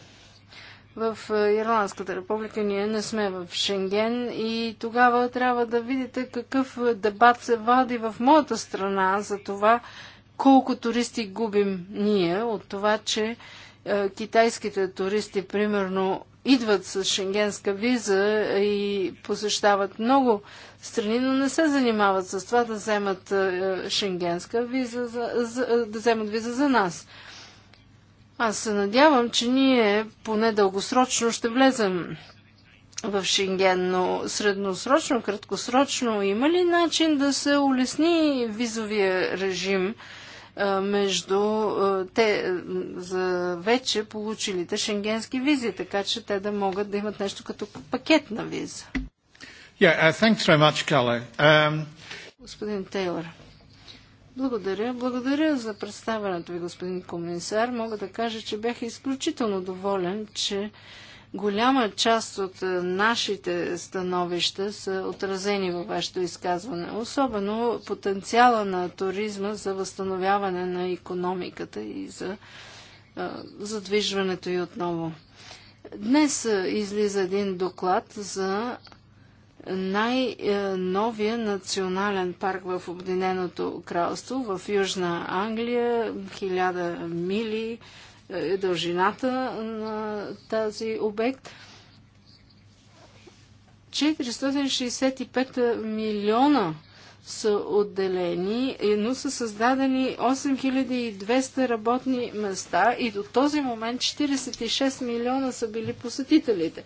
Speaker 3: В е, Ирландската република ние не сме в Шенген и тогава трябва да видите какъв е, дебат се води в моята страна за това колко туристи губим ние от това, че китайските туристи, примерно, идват с шенгенска виза и посещават много страни, но не се занимават с това да вземат е, шенгенска виза, за, е, да вземат виза за нас. Аз се надявам, че ние поне дългосрочно ще влезем в Шенген, но средносрочно, краткосрочно има ли начин да се улесни визовия режим? между те за вече получилите шенгенски визи, така че те да могат да имат нещо като пакет на виза.
Speaker 1: Yeah, uh, much, um...
Speaker 3: Господин Тейлор, Благодаря. Благодаря за представянето ви, господин комисар. Мога да кажа, че бях изключително доволен, че uh, Голяма част от е, нашите становища са отразени във вашето изказване, особено потенциала на туризма за възстановяване на економиката и за е, задвижването и отново. Днес е, излиза един доклад за най-новия национален парк в Обединеното кралство, в Южна Англия, 1000 мили е, е дължината на тази обект. 465 милиона са отделени, е, но са създадени 8200 работни места и до този момент 46 милиона са били посетителите.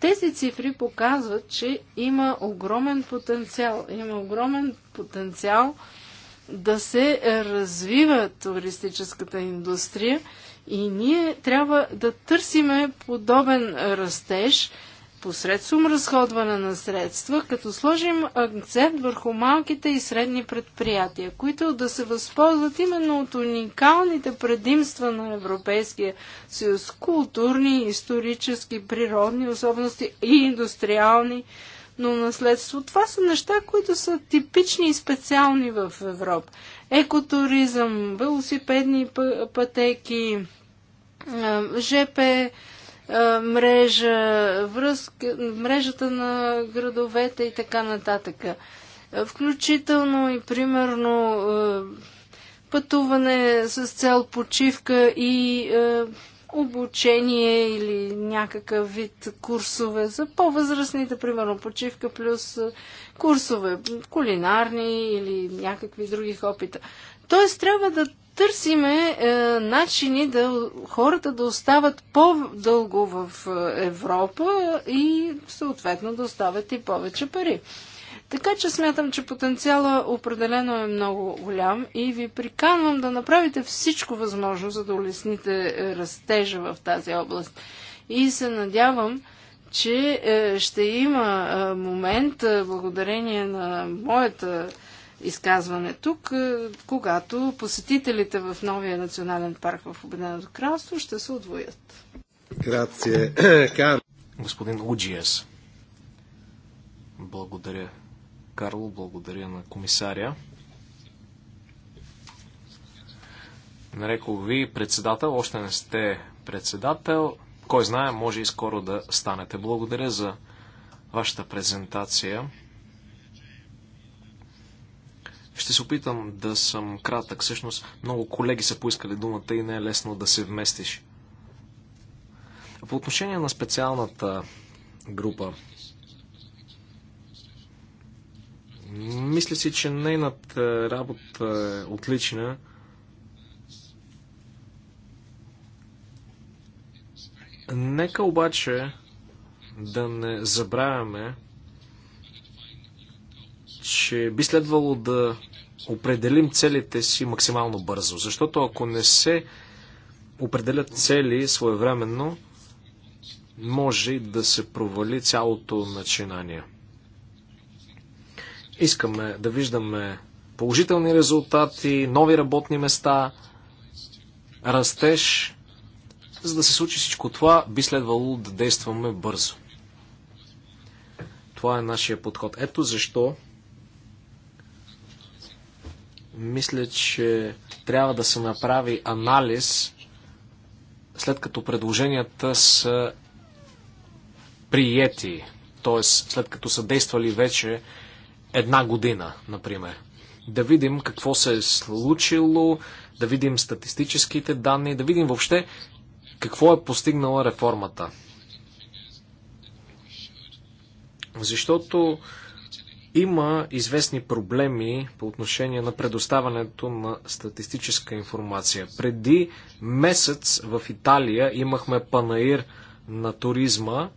Speaker 3: Тези цифри показват, че има огромен потенциал. Има огромен потенциал да се е, развива туристическата индустрия и ние трябва да търсиме подобен растеж посредством разходване на средства, като сложим акцент върху малките и средни предприятия, които да се възползват именно от уникалните предимства на Европейския съюз, културни, исторически, природни особености и индустриални, но наследство. Това са неща, които са типични и специални в Европа екотуризъм, велосипедни пътеки, ЖП мрежа, връзка, мрежата на градовете и така нататък. Включително и примерно пътуване с цел почивка и обучение или някакъв вид курсове за по-възрастните, примерно почивка плюс курсове, кулинарни или някакви други опита. Тоест трябва да търсиме е, начини да хората да остават по-дълго в е, Европа и съответно да остават и повече пари. Така че смятам, че потенциала определено е много голям и ви приканвам да направите всичко възможно, за да улесните е, растежа в тази област. И се надявам, че е, ще има е, момент, благодарение на моята изказване тук, когато посетителите в новия национален парк в Обединеното кралство ще се отвоят.
Speaker 2: Грация. Господин Уджиес. Благодаря, Карло, благодаря на комисаря. Нарекал ви председател, още не сте председател. Кой знае, може и скоро да станете. Благодаря за вашата презентация. Ще се опитам да съм кратък. Всъщност, много колеги са поискали думата и не е лесно да се вместиш. По отношение на специалната група Мисля си, че нейната работа е отлична. Нека обаче да не забравяме, че би следвало да определим целите си максимално бързо. Защото ако не се определят цели своевременно, може и да се провали цялото начинание. Искаме да виждаме положителни резултати, нови работни места, растеж. За да се случи всичко това, би следвало да действаме бързо. Това е нашия подход. Ето защо мисля, че трябва да се направи анализ, след като предложенията са приети, т.е. след като са действали вече една година, например. Да видим какво се е случило, да видим статистическите данни, да видим въобще какво е постигнала реформата. Защото има известни проблеми по отношение на предоставянето на статистическа информация. Преди месец в Италия имахме панаир на туризма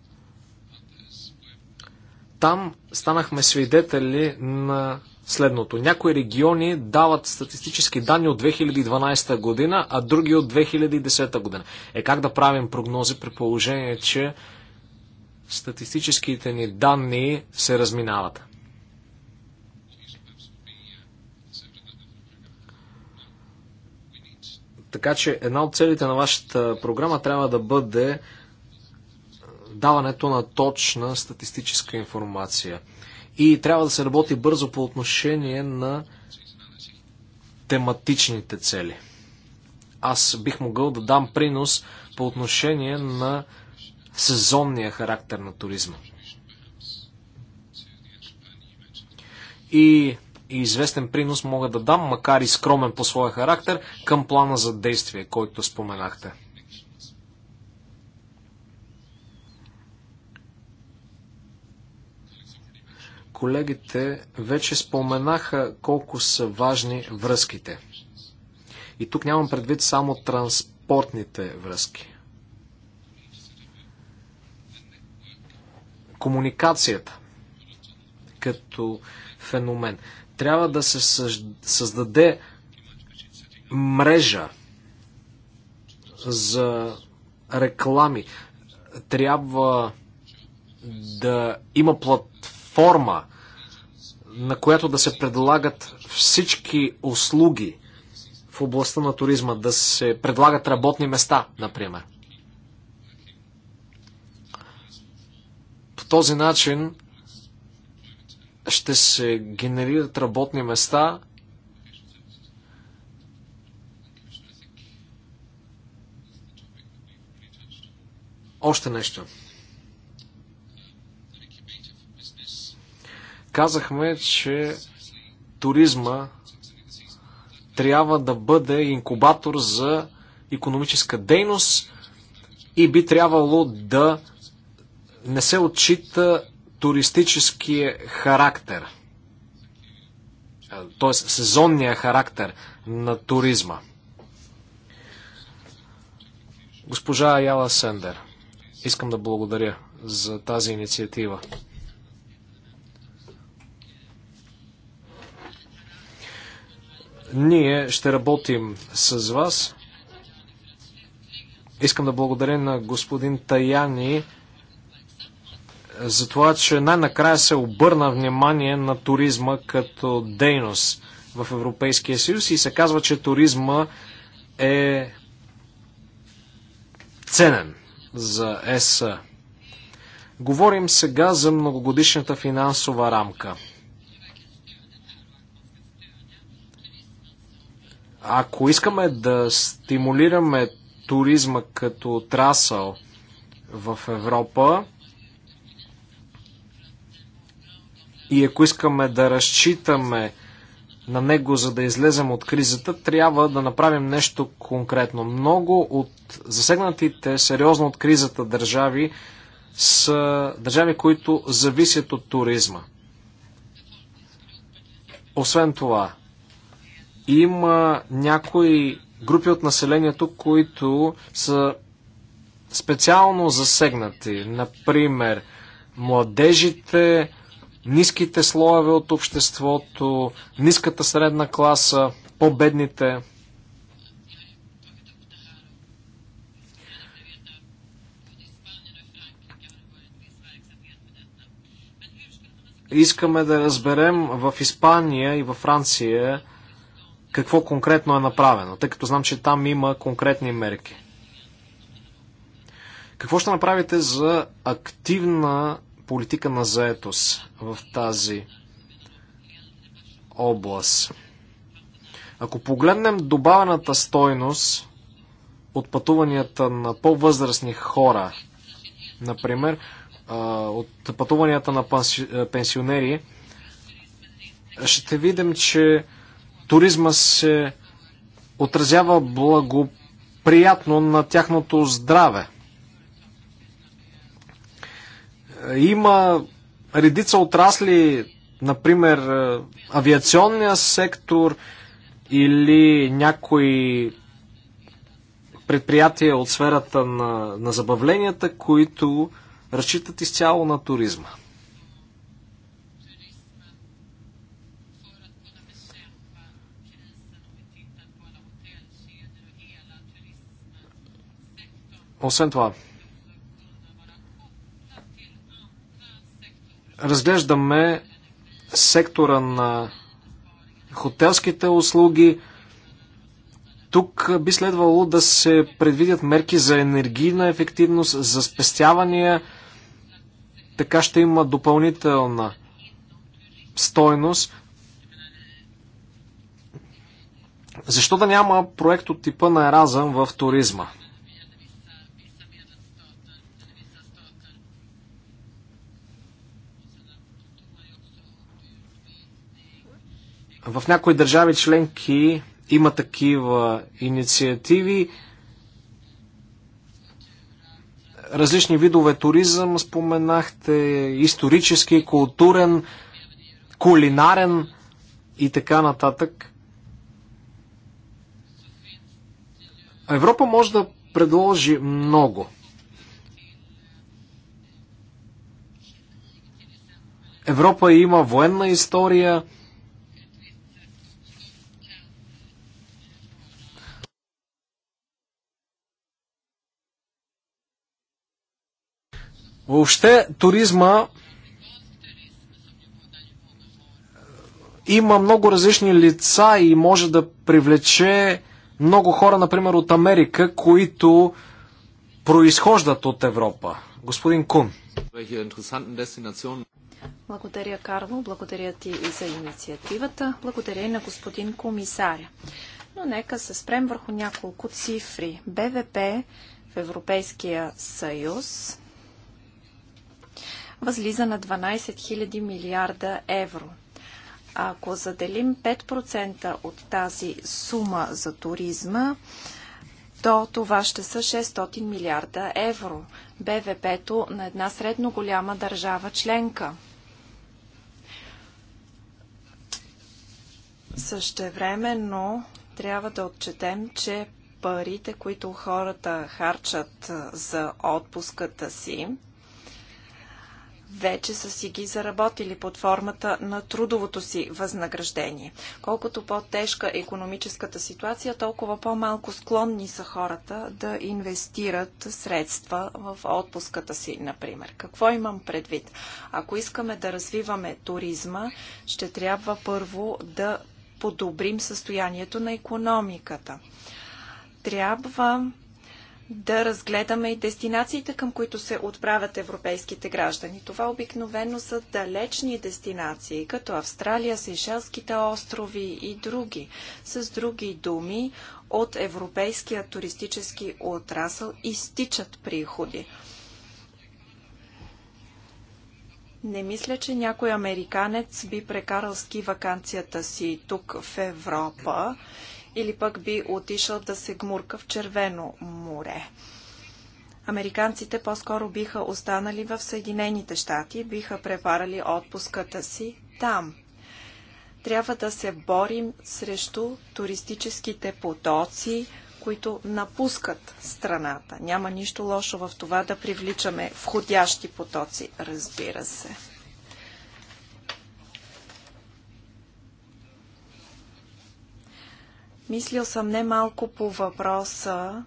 Speaker 2: там станахме свидетели на следното. Някои региони дават статистически данни от 2012 година, а други от 2010 година. Е как да правим прогнози при положение, че статистическите ни данни се разминават? Така че една от целите на вашата програма трябва да бъде даването на точна статистическа информация. И трябва да се работи бързо по отношение на тематичните цели. Аз бих могъл да дам принос по отношение на сезонния характер на туризма. И, и известен принос мога да дам, макар и скромен по своя характер, към плана за действие, който споменахте. колегите вече споменаха колко са важни връзките. И тук нямам предвид само транспортните връзки. Комуникацията като феномен. Трябва да се създаде мрежа за реклами. Трябва да има платформа на която да се предлагат всички услуги в областта на туризма, да се предлагат работни места, например. По този начин ще се генерират работни места още нещо. Казахме, че туризма трябва да бъде инкубатор за економическа дейност и би трябвало да не се отчита туристическия характер, т.е. сезонния характер на туризма. Госпожа Яла Сендер, искам да благодаря за тази инициатива. Ние ще работим с вас. Искам да благодаря на господин Таяни за това, че най-накрая се обърна внимание на туризма като дейност в Европейския съюз и се казва, че туризма е ценен за ЕС. Говорим сега за многогодишната финансова рамка. Ако искаме да стимулираме туризма като отрасъл в Европа и ако искаме да разчитаме на него, за да излезем от кризата, трябва да направим нещо конкретно. Много от засегнатите сериозно от кризата държави са държави, които зависят от туризма. Освен това, има някои групи от населението, които са специално засегнати. Например, младежите, ниските слоеве от обществото, ниската средна класа, по-бедните. Искаме да разберем в Испания и във Франция какво конкретно е направено, тъй като знам, че там има конкретни мерки. Какво ще направите за активна политика на заетост в тази област? Ако погледнем добавената стойност от пътуванията на по-възрастни хора, например, от пътуванията на пенсионери, ще видим, че туризма се отразява благоприятно на тяхното здраве. Има редица отрасли, например е, авиационния сектор или някои предприятия от сферата на, на забавленията, които разчитат изцяло на туризма. Освен това, разглеждаме сектора на хотелските услуги. Тук би следвало да се предвидят мерки за енергийна ефективност, за спестявания. Така ще има допълнителна стойност. Защо да няма проект от типа на Еразъм в туризма? В някои държави членки има такива инициативи. Различни видове туризъм споменахте, исторически, културен, кулинарен и така нататък. Европа може да предложи много. Европа има военна история, Въобще туризма е, има много различни лица и може да привлече много хора, например от Америка, които произхождат от Европа. Господин Кун.
Speaker 1: Благодаря, Карло. Благодаря ти и за инициативата. Благодаря и на господин комисаря. Но нека се спрем върху няколко цифри. БВП в Европейския съюз възлиза на 12 000 милиарда евро. Ако заделим 5% от тази сума за туризма, то това ще са 600 милиарда евро. БВП-то на една средно голяма държава членка. но трябва да отчетем, че парите, които хората харчат за отпуската си, вече са си ги заработили под формата на трудовото си възнаграждение. Колкото по-тежка е економическата ситуация, толкова по-малко склонни са хората да инвестират средства в отпуската си, например. Какво имам предвид? Ако искаме да развиваме туризма, ще трябва първо да подобрим състоянието на економиката. Трябва да разгледаме и дестинациите, към които се отправят европейските граждани. Това обикновено са далечни дестинации, като Австралия, Сейшелските острови и други. С други думи, от европейския туристически отрасъл изтичат приходи. Не мисля, че някой американец би прекарал ски вакансията си тук в Европа или пък би отишъл да се гмурка в Червено море. Американците по-скоро биха останали в Съединените щати, биха препарали отпуската си там. Трябва да се борим срещу туристическите потоци, които напускат страната. Няма нищо лошо в това да привличаме входящи потоци, разбира се. Мислил съм не малко по въпроса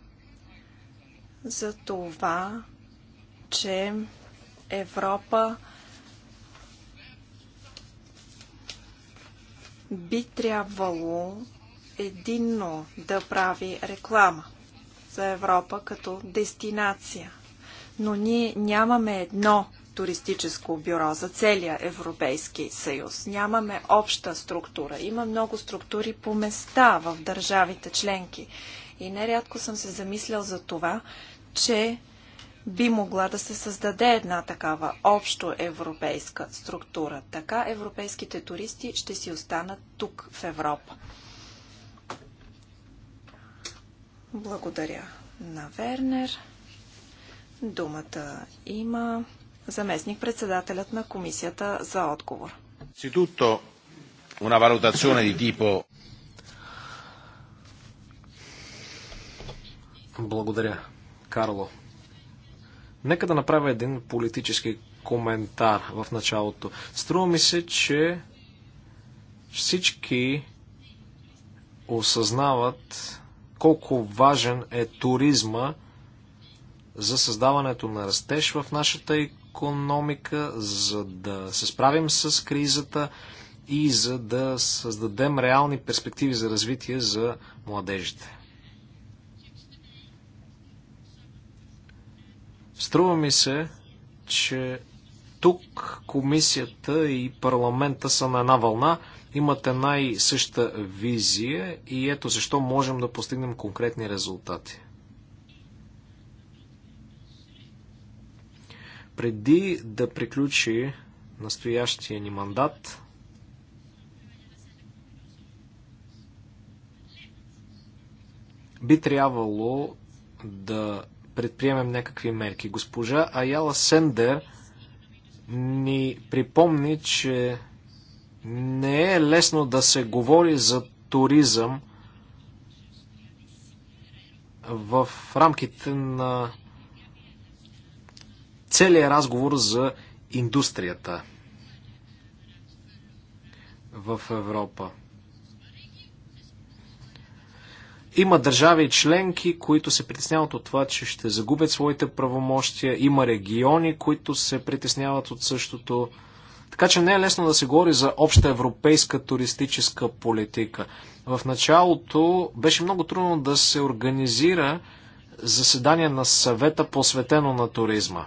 Speaker 1: за това, че Европа би трябвало единно да прави реклама за Европа като дестинация. Но ние нямаме едно туристическо бюро за целия Европейски съюз. Нямаме обща структура. Има много структури по места в държавите членки. И нерядко съм се замислял за това, че би могла да се създаде една такава общо европейска структура. Така европейските туристи ще си останат тук в Европа. Благодаря на Вернер. Думата има заместник председателят на комисията за отговор. Una valutazione di tipo
Speaker 2: Благодаря, Карло. Нека да направя един политически коментар в началото. Струва ми се, че всички осъзнават колко важен е туризма за създаването на растеж в нашата економика, за да се справим с кризата и за да създадем реални перспективи за развитие за младежите. Струва ми се, че тук комисията и парламента са на една вълна, имат една и съща визия и ето защо можем да постигнем конкретни резултати. Преди да приключи настоящия ни мандат, би трябвало да предприемем някакви мерки. Госпожа Аяла Сендер ни припомни, че не е лесно да се говори за туризъм в рамките на целият разговор за индустрията в Европа. Има държави и членки, които се притесняват от това, че ще загубят своите правомощия. Има региони, които се притесняват от същото. Така че не е лесно да се говори за обща европейска туристическа политика. В началото беше много трудно да се организира заседание на съвета посветено на туризма.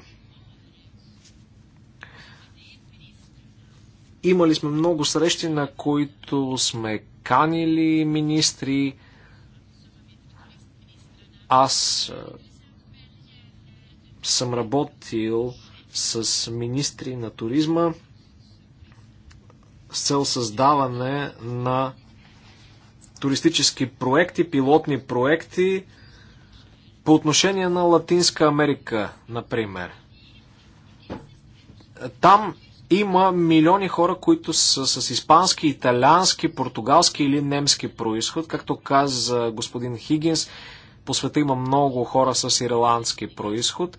Speaker 2: Имали сме много срещи, на които сме канили министри. Аз съм работил с министри на туризма с цел създаване на туристически проекти, пилотни проекти по отношение на Латинска Америка, например. Там има милиони хора, които са с испански, италиански, португалски или немски происход. Както каза господин Хигинс, по света има много хора с ирландски происход.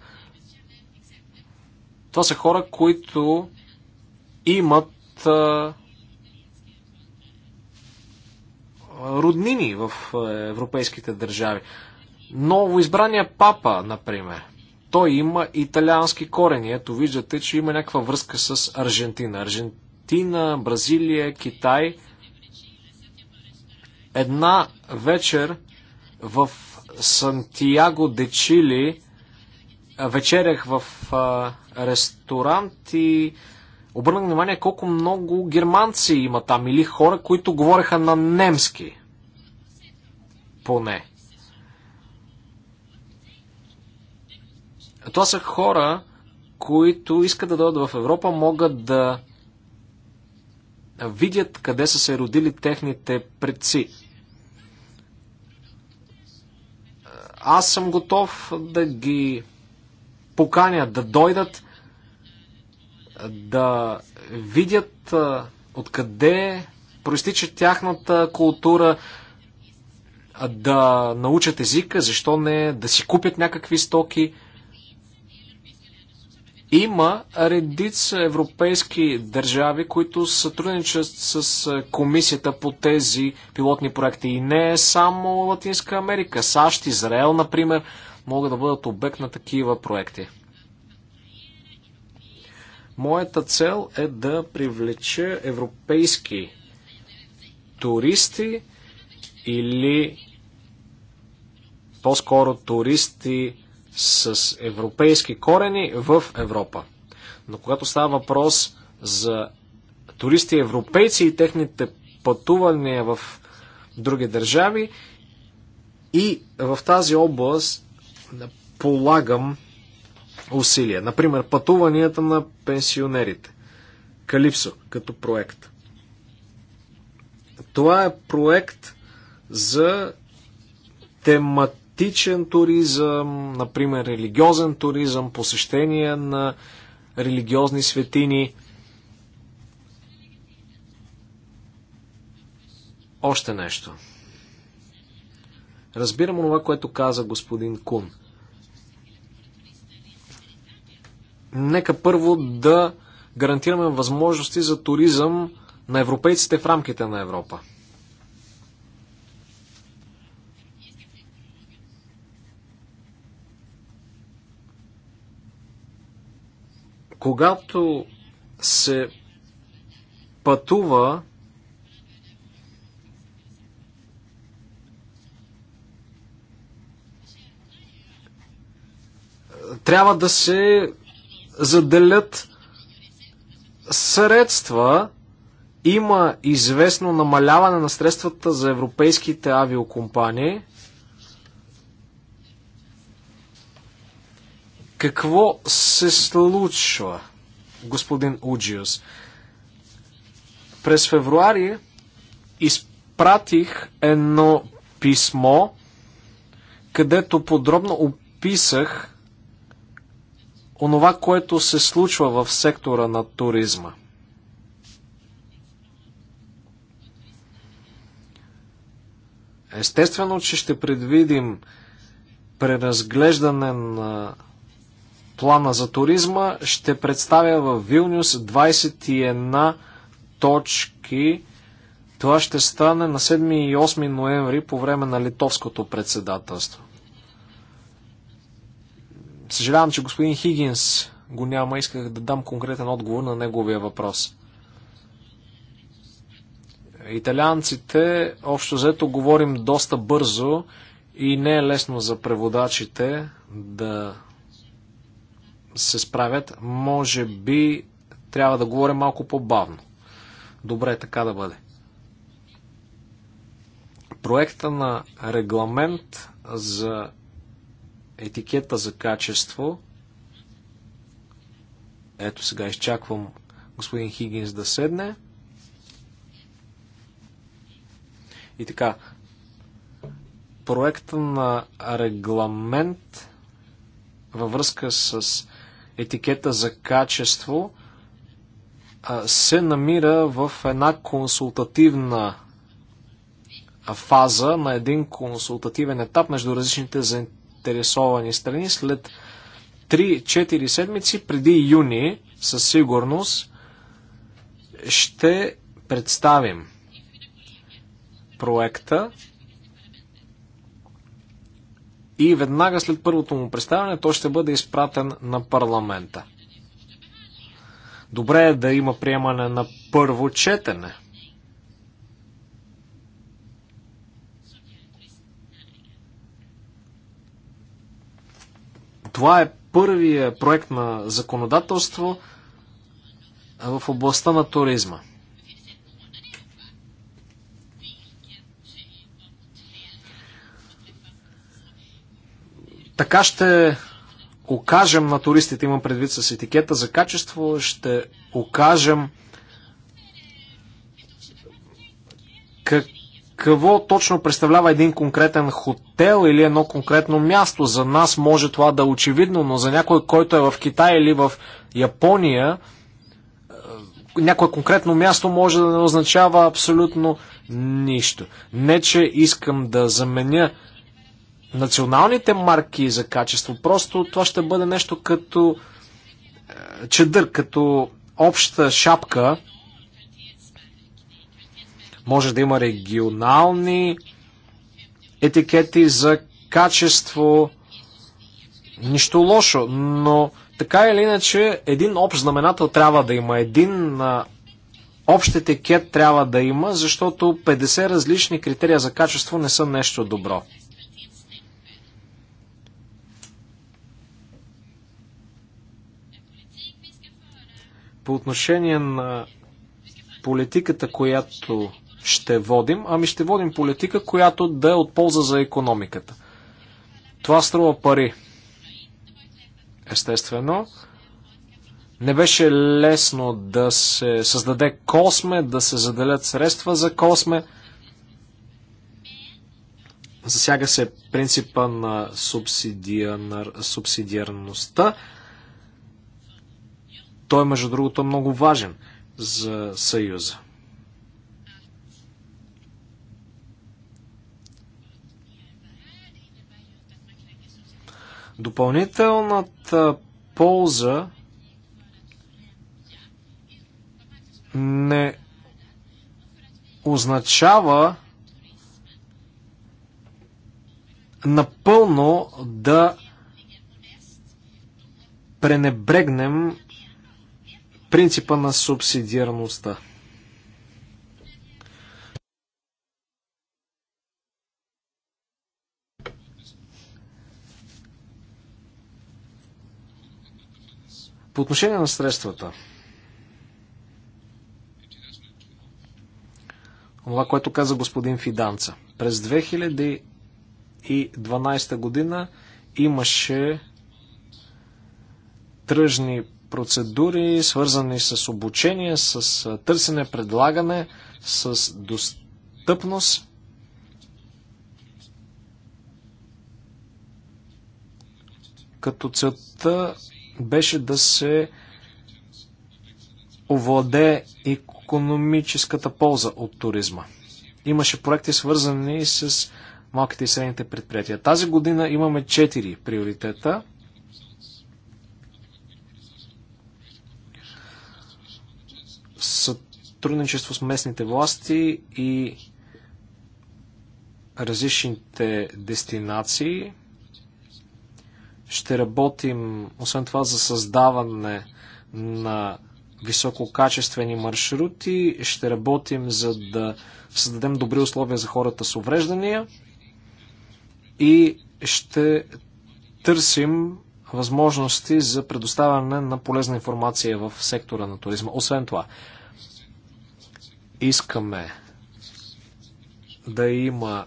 Speaker 2: Това са хора, които имат а, роднини в европейските държави. Новоизбрания папа, например, той има италиански корени. Ето виждате, че има някаква връзка с Аржентина. Аржентина, Бразилия, Китай. Една вечер в Сантьяго де Чили вечерях в а, ресторант и обърнах внимание колко много германци има там или хора, които говореха на немски. Поне. Това са хора, които искат да дойдат в Европа, могат да видят къде са се родили техните предци. Аз съм готов да ги поканя да дойдат, да видят откъде проистича тяхната култура, да научат езика, защо не, да си купят някакви стоки – има редица европейски държави, които сътрудничат с комисията по тези пилотни проекти. И не е само Латинска Америка. САЩ, Израел, например, могат да бъдат обект на такива проекти. Моята цел е да привлеча европейски туристи или по-скоро туристи с европейски корени в Европа. Но когато става въпрос за туристи европейци и техните пътувания в други държави, и в тази област полагам усилия. Например, пътуванията на пенсионерите. Калипсо като проект. Това е проект за темата тематичен туризъм, например религиозен туризъм, посещение на религиозни светини. Още нещо. Разбирам това, което каза господин Кун. Нека първо да гарантираме възможности за туризъм на европейците в рамките на Европа. Когато се пътува трябва да се заделят средства. Има известно намаляване на средствата за европейските авиокомпании. Какво се случва, господин Уджиус? През февруари изпратих едно писмо, където подробно описах онова, което се случва в сектора на туризма. Естествено, че ще предвидим преразглеждане на плана за туризма ще представя в Вилнюс 21 точки. Това ще стане на 7 и 8 ноември по време на литовското председателство. Съжалявам, че господин Хигинс го няма. Исках да дам конкретен отговор на неговия въпрос. Италианците, общо взето, говорим доста бързо и не е лесно за преводачите да се справят, може би трябва да говоря малко по-бавно. Добре, е така да бъде. Проекта на регламент за етикета за качество. Ето сега изчаквам господин Хигинс да седне. И така, проекта на регламент във връзка с етикета за качество се намира в една консултативна фаза, на един консултативен етап между различните заинтересовани страни. След 3-4 седмици преди юни със сигурност ще представим проекта и веднага след първото му представяне той ще бъде изпратен на парламента. Добре е да има приемане на първо четене. Това е първия проект на законодателство в областта на туризма. Така ще окажем на туристите, имам предвид с етикета за качество, ще окажем какво точно представлява един конкретен хотел или едно конкретно място. За нас може това да е очевидно, но за някой, който е в Китай или в Япония, е, някое конкретно място може да не означава абсолютно нищо. Не, че искам да заменя националните марки за качество. Просто това ще бъде нещо като е, чедър, като обща шапка. Може да има регионални етикети за качество. Нищо лошо, но така или иначе един общ знаменател трябва да има. Един общ етикет трябва да има, защото 50 различни критерия за качество не са нещо добро. по отношение на политиката, която ще водим, ами ще водим политика, която да е от полза за економиката. Това струва пари. Естествено. Не беше лесно да се създаде Косме, да се заделят средства за Косме. Засяга се принципа на субсидиарността. Той, между другото, е много важен за Съюза. Допълнителната полза не означава напълно да пренебрегнем принципа на субсидиарността. По отношение на средствата, това, което каза господин Фиданца, през 2012 година имаше тръжни процедури, свързани с обучение, с търсене, предлагане, с достъпност. Като целта беше да се овладе економическата полза от туризма. Имаше проекти свързани с малките и средните предприятия. Тази година имаме 4 приоритета – сътрудничество с местните власти и различните дестинации. Ще работим, освен това, за създаване на висококачествени маршрути. Ще работим, за да създадем добри условия за хората с увреждания. И ще търсим възможности за предоставяне на полезна информация в сектора на туризма. Освен това, искаме да има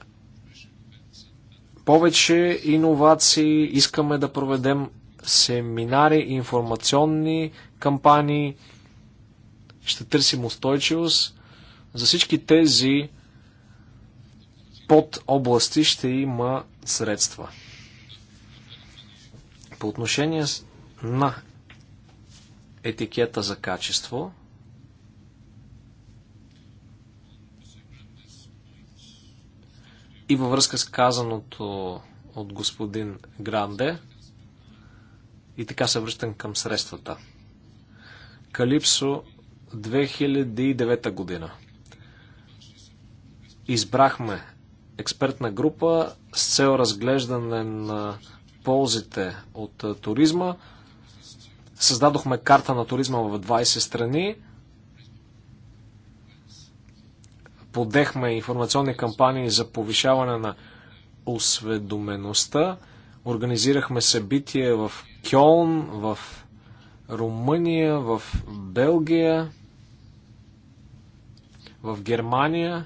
Speaker 2: повече иновации, искаме да проведем семинари, информационни кампании, ще търсим устойчивост. За всички тези под области ще има средства. По отношение на етикета за качество, и във връзка с казаното от господин Гранде, и така се връщам към средствата. Калипсо 2009 година. Избрахме експертна група с цел разглеждане на ползите от туризма. Създадохме карта на туризма в 20 страни. Подехме информационни кампании за повишаване на осведомеността. Организирахме събития в Кьолн, в Румъния, в Белгия, в Германия.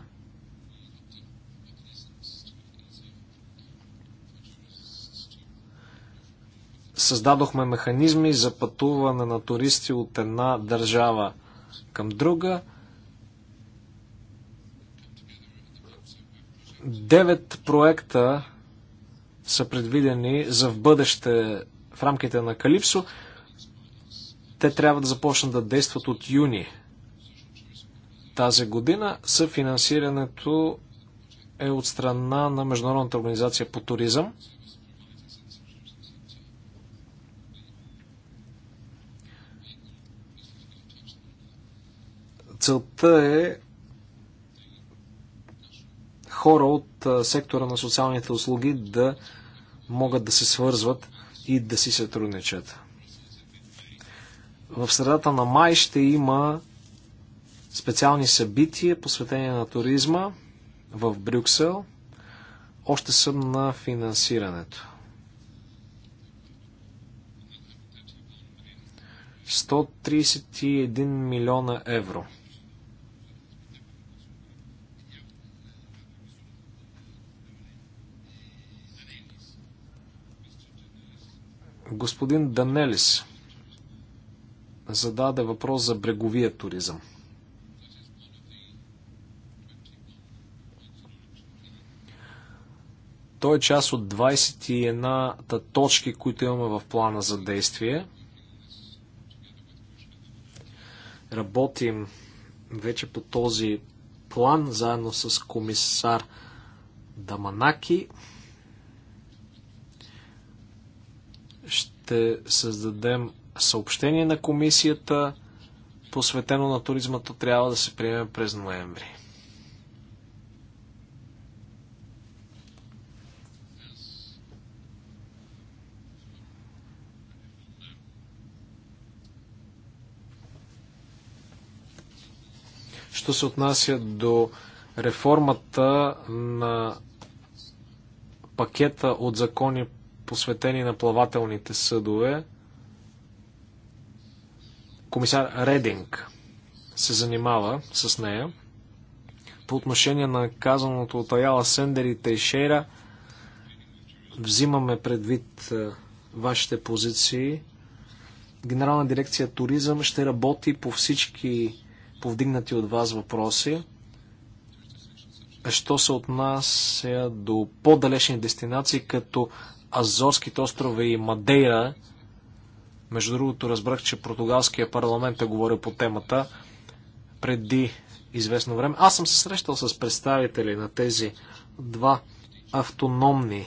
Speaker 2: Създадохме механизми за пътуване на туристи от една държава към друга. Девет проекта са предвидени за в бъдеще в рамките на Калипсо. Те трябва да започнат да действат от юни тази година. Съфинансирането е от страна на Международната организация по туризъм. Целта е хора от сектора на социалните услуги да могат да се свързват и да си сътрудничат. В средата на май ще има специални събития, посветени на туризма в Брюксел. Още съм на финансирането. 131 милиона евро – Господин Данелис зададе въпрос за бреговия туризъм. Той е част от 21-та точки, които имаме в плана за действие. Работим вече по този план, заедно с комисар Даманаки. ще създадем съобщение на комисията, посветено на туризма, то трябва да се приеме през ноември. Що се отнася до реформата на пакета от закони посветени на плавателните съдове. Комисар Рединг се занимава с нея. По отношение на казаното от Аяла Сендер и Тейшера, взимаме предвид е, вашите позиции. Генерална дирекция Туризъм ще работи по всички повдигнати от вас въпроси. Що се отнася до по-далечни дестинации, като Азорските острови и Мадейра. Между другото, разбрах, че португалския парламент е говорил по темата преди известно време. Аз съм се срещал с представители на тези два автономни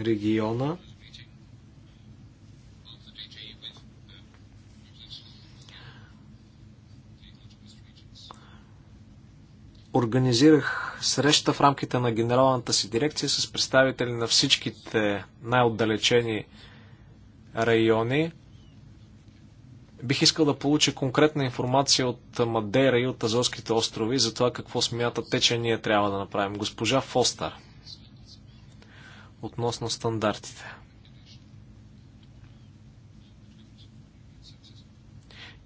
Speaker 2: региона – организирах среща в рамките на генералната си дирекция с представители на всичките най-отдалечени райони. Бих искал да получа конкретна информация от Мадейра и от Азорските острови за това какво смятат те, че ние трябва да направим. Госпожа Фостър, относно стандартите.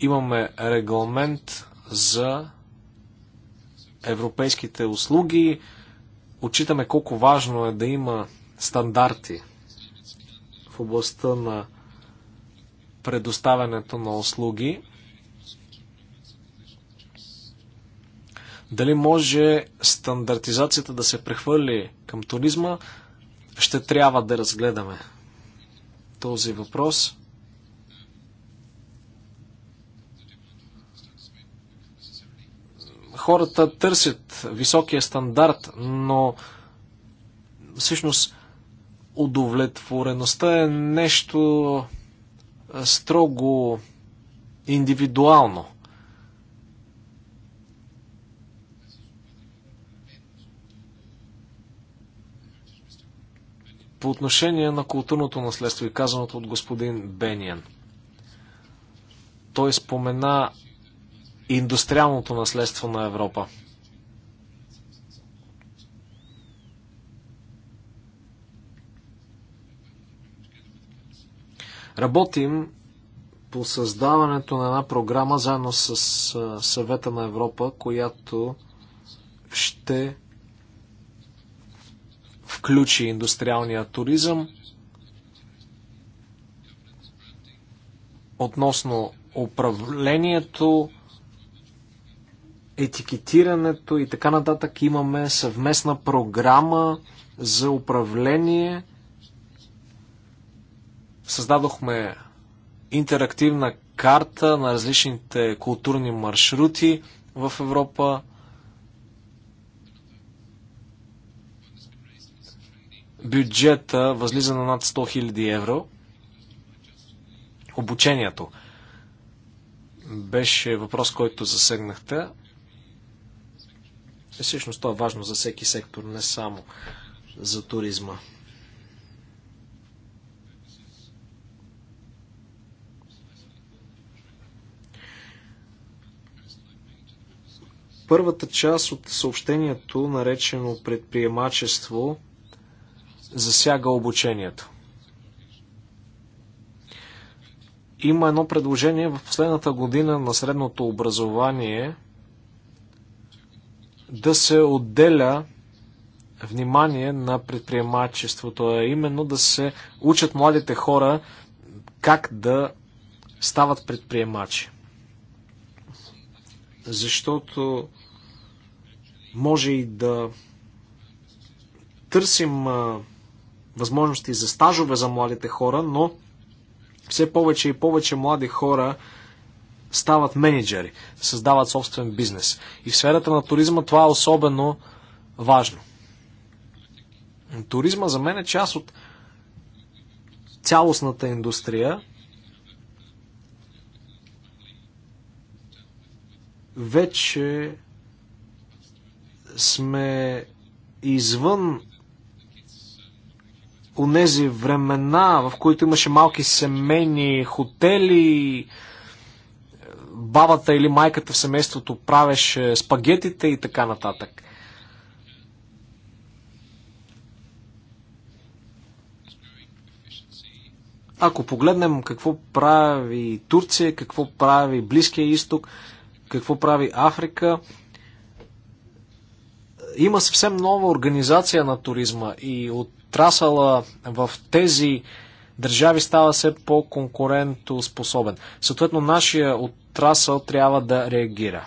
Speaker 2: Имаме регламент за европейските услуги. Отчитаме колко важно е да има стандарти в областта на предоставянето на услуги. Дали може стандартизацията да се прехвърли към туризма, ще трябва да разгледаме този въпрос. Хората търсят високия стандарт, но всъщност удовлетвореността е нещо строго индивидуално. По отношение на културното наследство и казаното от господин Бениен, Той спомена индустриалното наследство на Европа. Работим по създаването на една програма заедно с съвета на Европа, която ще включи индустриалния туризъм относно управлението, етикетирането и така нататък имаме съвместна програма за управление. Създадохме интерактивна карта на различните културни маршрути в Европа. Бюджета възлиза на над 100 000 евро. Обучението беше въпрос, който засегнахте. Е, всъщност това е важно за всеки сектор, не само за туризма. Първата част от съобщението, наречено предприемачество, засяга обучението. Има едно предложение в последната година на средното образование – да се отделя внимание на предприемачеството, а именно да се учат младите хора как да стават предприемачи. Защото може и да търсим възможности за стажове за младите хора, но все повече и повече млади хора стават менеджери, създават собствен бизнес. И в сферата на туризма това е особено важно. Туризма за мен е част от цялостната индустрия. Вече сме извън онези времена, в които имаше малки семейни хотели, бабата или майката в семейството правеше спагетите и така нататък. Ако погледнем какво прави Турция, какво прави Близкия изток, какво прави Африка, има съвсем нова организация на туризма и отрасъла в тези държави става все по-конкурентоспособен. Съответно, нашия от Расъл трябва да реагира.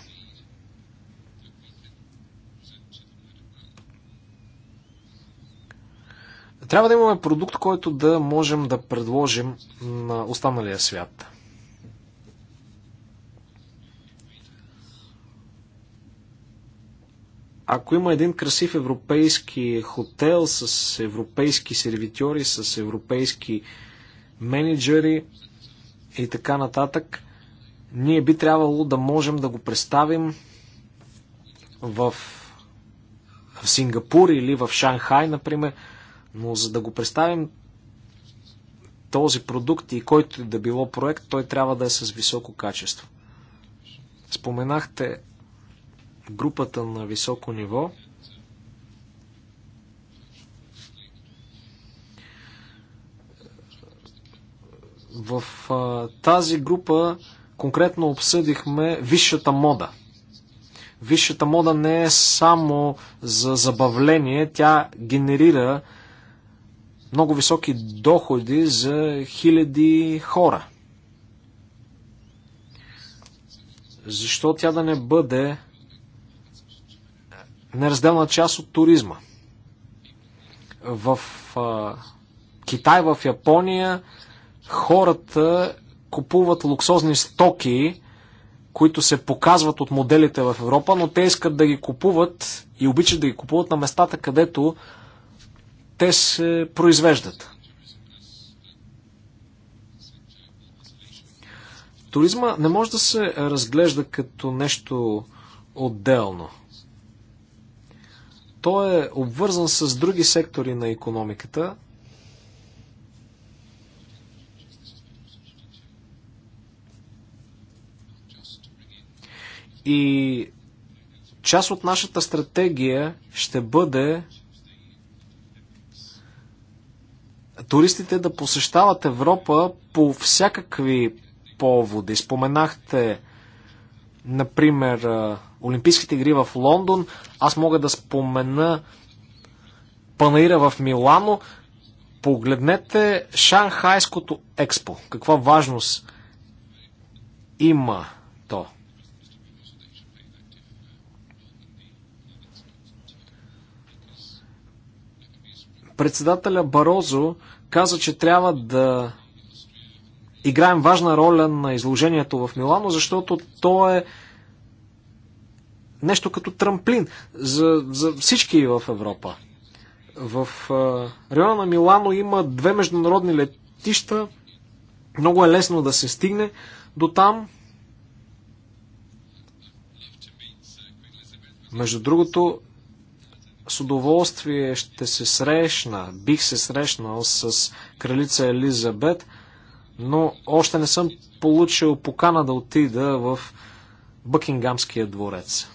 Speaker 2: Трябва да имаме продукт, който да можем да предложим на останалия свят. Ако има един красив европейски хотел с европейски сервитьори, с европейски менеджери и така нататък, ние би трябвало да можем да го представим в, в Сингапур или в Шанхай, например, но за да го представим този продукт и който да било проект, той трябва да е с високо качество. Споменахте групата на високо ниво. В а, тази група конкретно обсъдихме висшата мода. Висшата мода не е само за забавление, тя генерира много високи доходи за хиляди хора. Защо тя да не бъде неразделна част от туризма? В а, Китай, в Япония хората купуват луксозни стоки, които се показват от моделите в Европа, но те искат да ги купуват и обичат да ги купуват на местата, където те се произвеждат. Туризма не може да се разглежда като нещо отделно. Той е обвързан с други сектори на економиката, И част от нашата стратегия ще бъде туристите да посещават Европа по всякакви поводи. Споменахте, например, Олимпийските игри в Лондон. Аз мога да спомена Панаира в Милано. Погледнете Шанхайското експо. Каква важност има то. Председателя Барозо каза, че трябва да играем важна роля на изложението в Милано, защото то е нещо като трамплин за, за всички в Европа. В района на Милано има две международни летища. Много е лесно да се стигне до там. Между другото, с удоволствие ще се срещна, бих се срещнал с кралица Елизабет, но още не съм получил покана да отида в Бъкингамския дворец.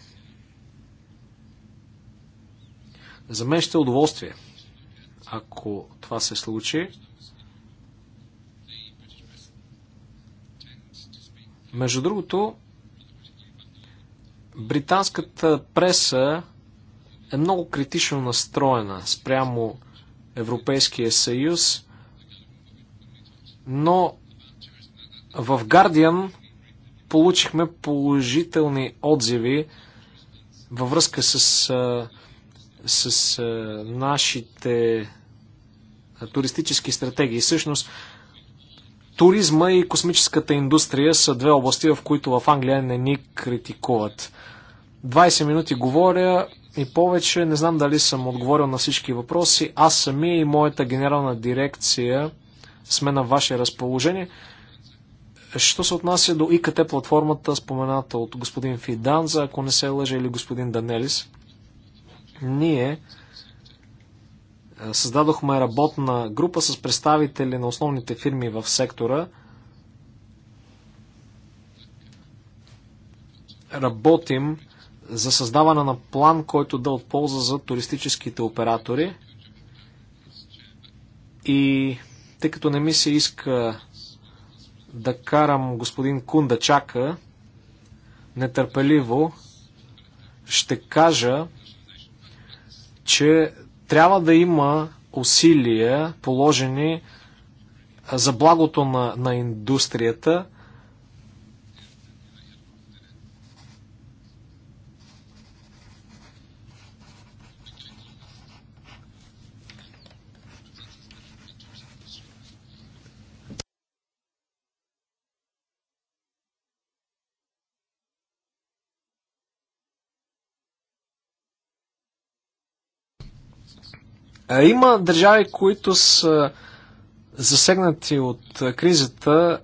Speaker 2: За мен ще е удоволствие, ако това се случи. Между другото, британската преса е много критично настроена спрямо Европейския съюз, но в Guardian получихме положителни отзиви във връзка с, с нашите туристически стратегии. Всъщност, туризма и космическата индустрия са две области, в които в Англия не ни критикуват. 20 минути говоря, и повече. Не знам дали съм отговорил на всички въпроси. Аз самия и моята генерална дирекция сме на ваше разположение. Що се отнася до ИКТ платформата, спомената от господин Фиданза, ако не се лъжа, или господин Данелис, ние създадохме работна група с представители на основните фирми в сектора. Работим за създаване на план, който да отполза за туристическите оператори. И тъй като не ми се иска да карам господин Кун да чака нетърпеливо, ще кажа, че трябва да има усилия положени за благото на, на индустрията – Е, има държави, които са засегнати от е, кризата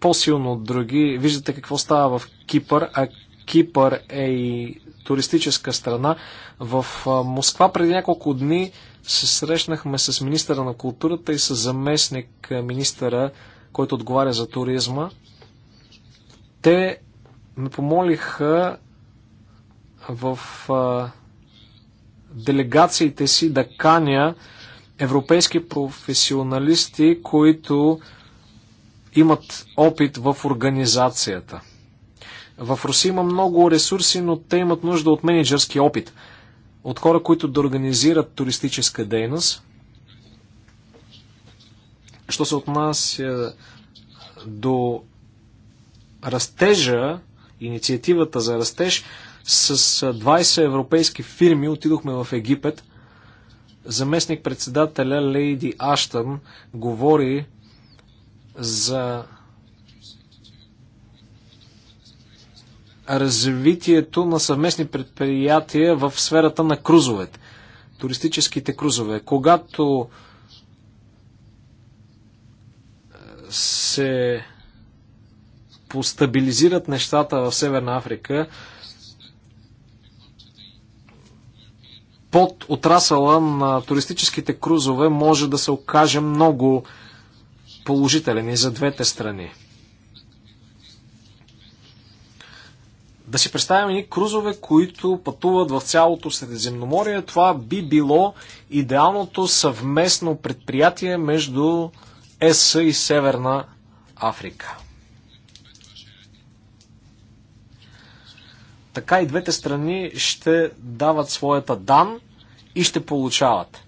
Speaker 2: по-силно от други. Виждате какво става в Кипър, а Кипър е и туристическа страна. В е, Москва преди няколко дни се срещнахме с министъра на културата и с заместник министъра, който отговаря за туризма. Те ме помолиха в делегациите си да каня европейски професионалисти, които имат опит в организацията. В Руси има много ресурси, но те имат нужда от менеджерски опит. От хора, които да организират туристическа дейност. Що се отнася до растежа, инициативата за растеж, с 20 европейски фирми отидохме в Египет. Заместник председателя Лейди Аштън говори за развитието на съвместни предприятия в сферата на крузовете, туристическите крузове. Когато се постабилизират нещата в Северна Африка, под отрасъла на туристическите крузове може да се окаже много положителен и за двете страни. Да си представим и крузове, които пътуват в цялото Средиземноморие. Това би било идеалното съвместно предприятие между ЕС и Северна Африка. Така и двете страни ще дават своята дан и ще получават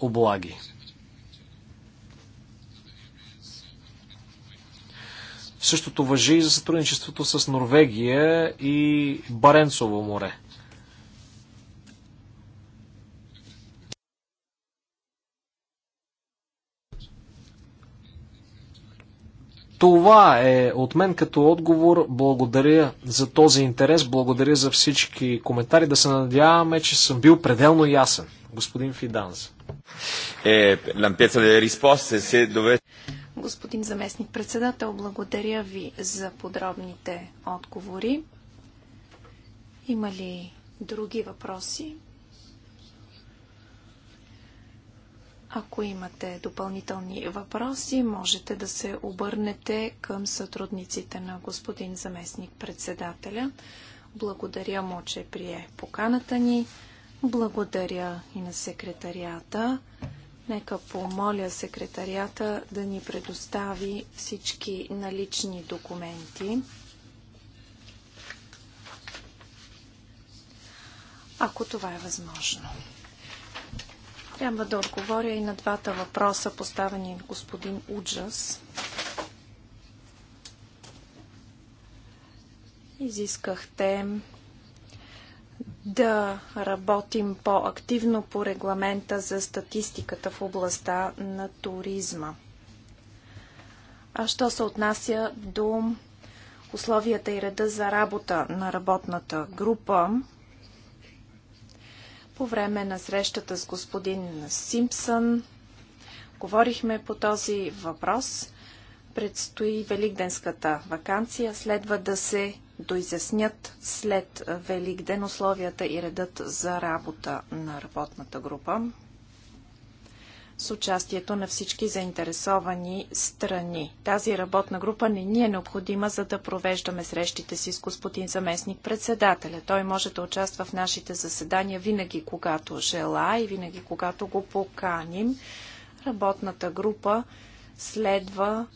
Speaker 2: облаги. Същото въжи и за сътрудничеството с Норвегия и Баренцово море. Това е от мен като отговор. Благодаря за този интерес, благодаря за всички коментари. Да се надяваме, че съм бил пределно ясен. Господин Фиданс.
Speaker 1: Е, господин заместник председател, благодаря ви за подробните отговори. Има ли други въпроси? Ако имате допълнителни въпроси, можете да се обърнете към сътрудниците на господин заместник председателя. Благодаря му, че прие поканата ни. Благодаря и на секретарията. Нека помоля секретарията да ни предостави всички налични документи. Ако това е възможно. Трябва да отговоря и на двата въпроса, поставени от господин Уджас. Изискахте да работим по-активно по регламента за статистиката в областта на туризма. А що се отнася до условията и реда за работа на работната група, по време на срещата с господин Симпсън говорихме по този въпрос. Предстои великденската вакансия. Следва да се доизяснят след Великден условията и редът за работа на работната група с участието на всички заинтересовани страни. Тази работна група не ни е необходима, за да провеждаме срещите си с господин заместник председателя. Той може да участва в нашите заседания винаги, когато жела и винаги, когато го поканим. Работната група следва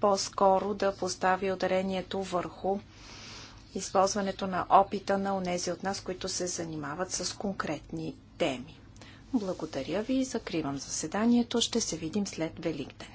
Speaker 1: по-скоро да постави ударението върху използването на опита на онези от нас, които се занимават с конкретни теми. Благодаря ви. Закривам заседанието. Ще се видим след Великден.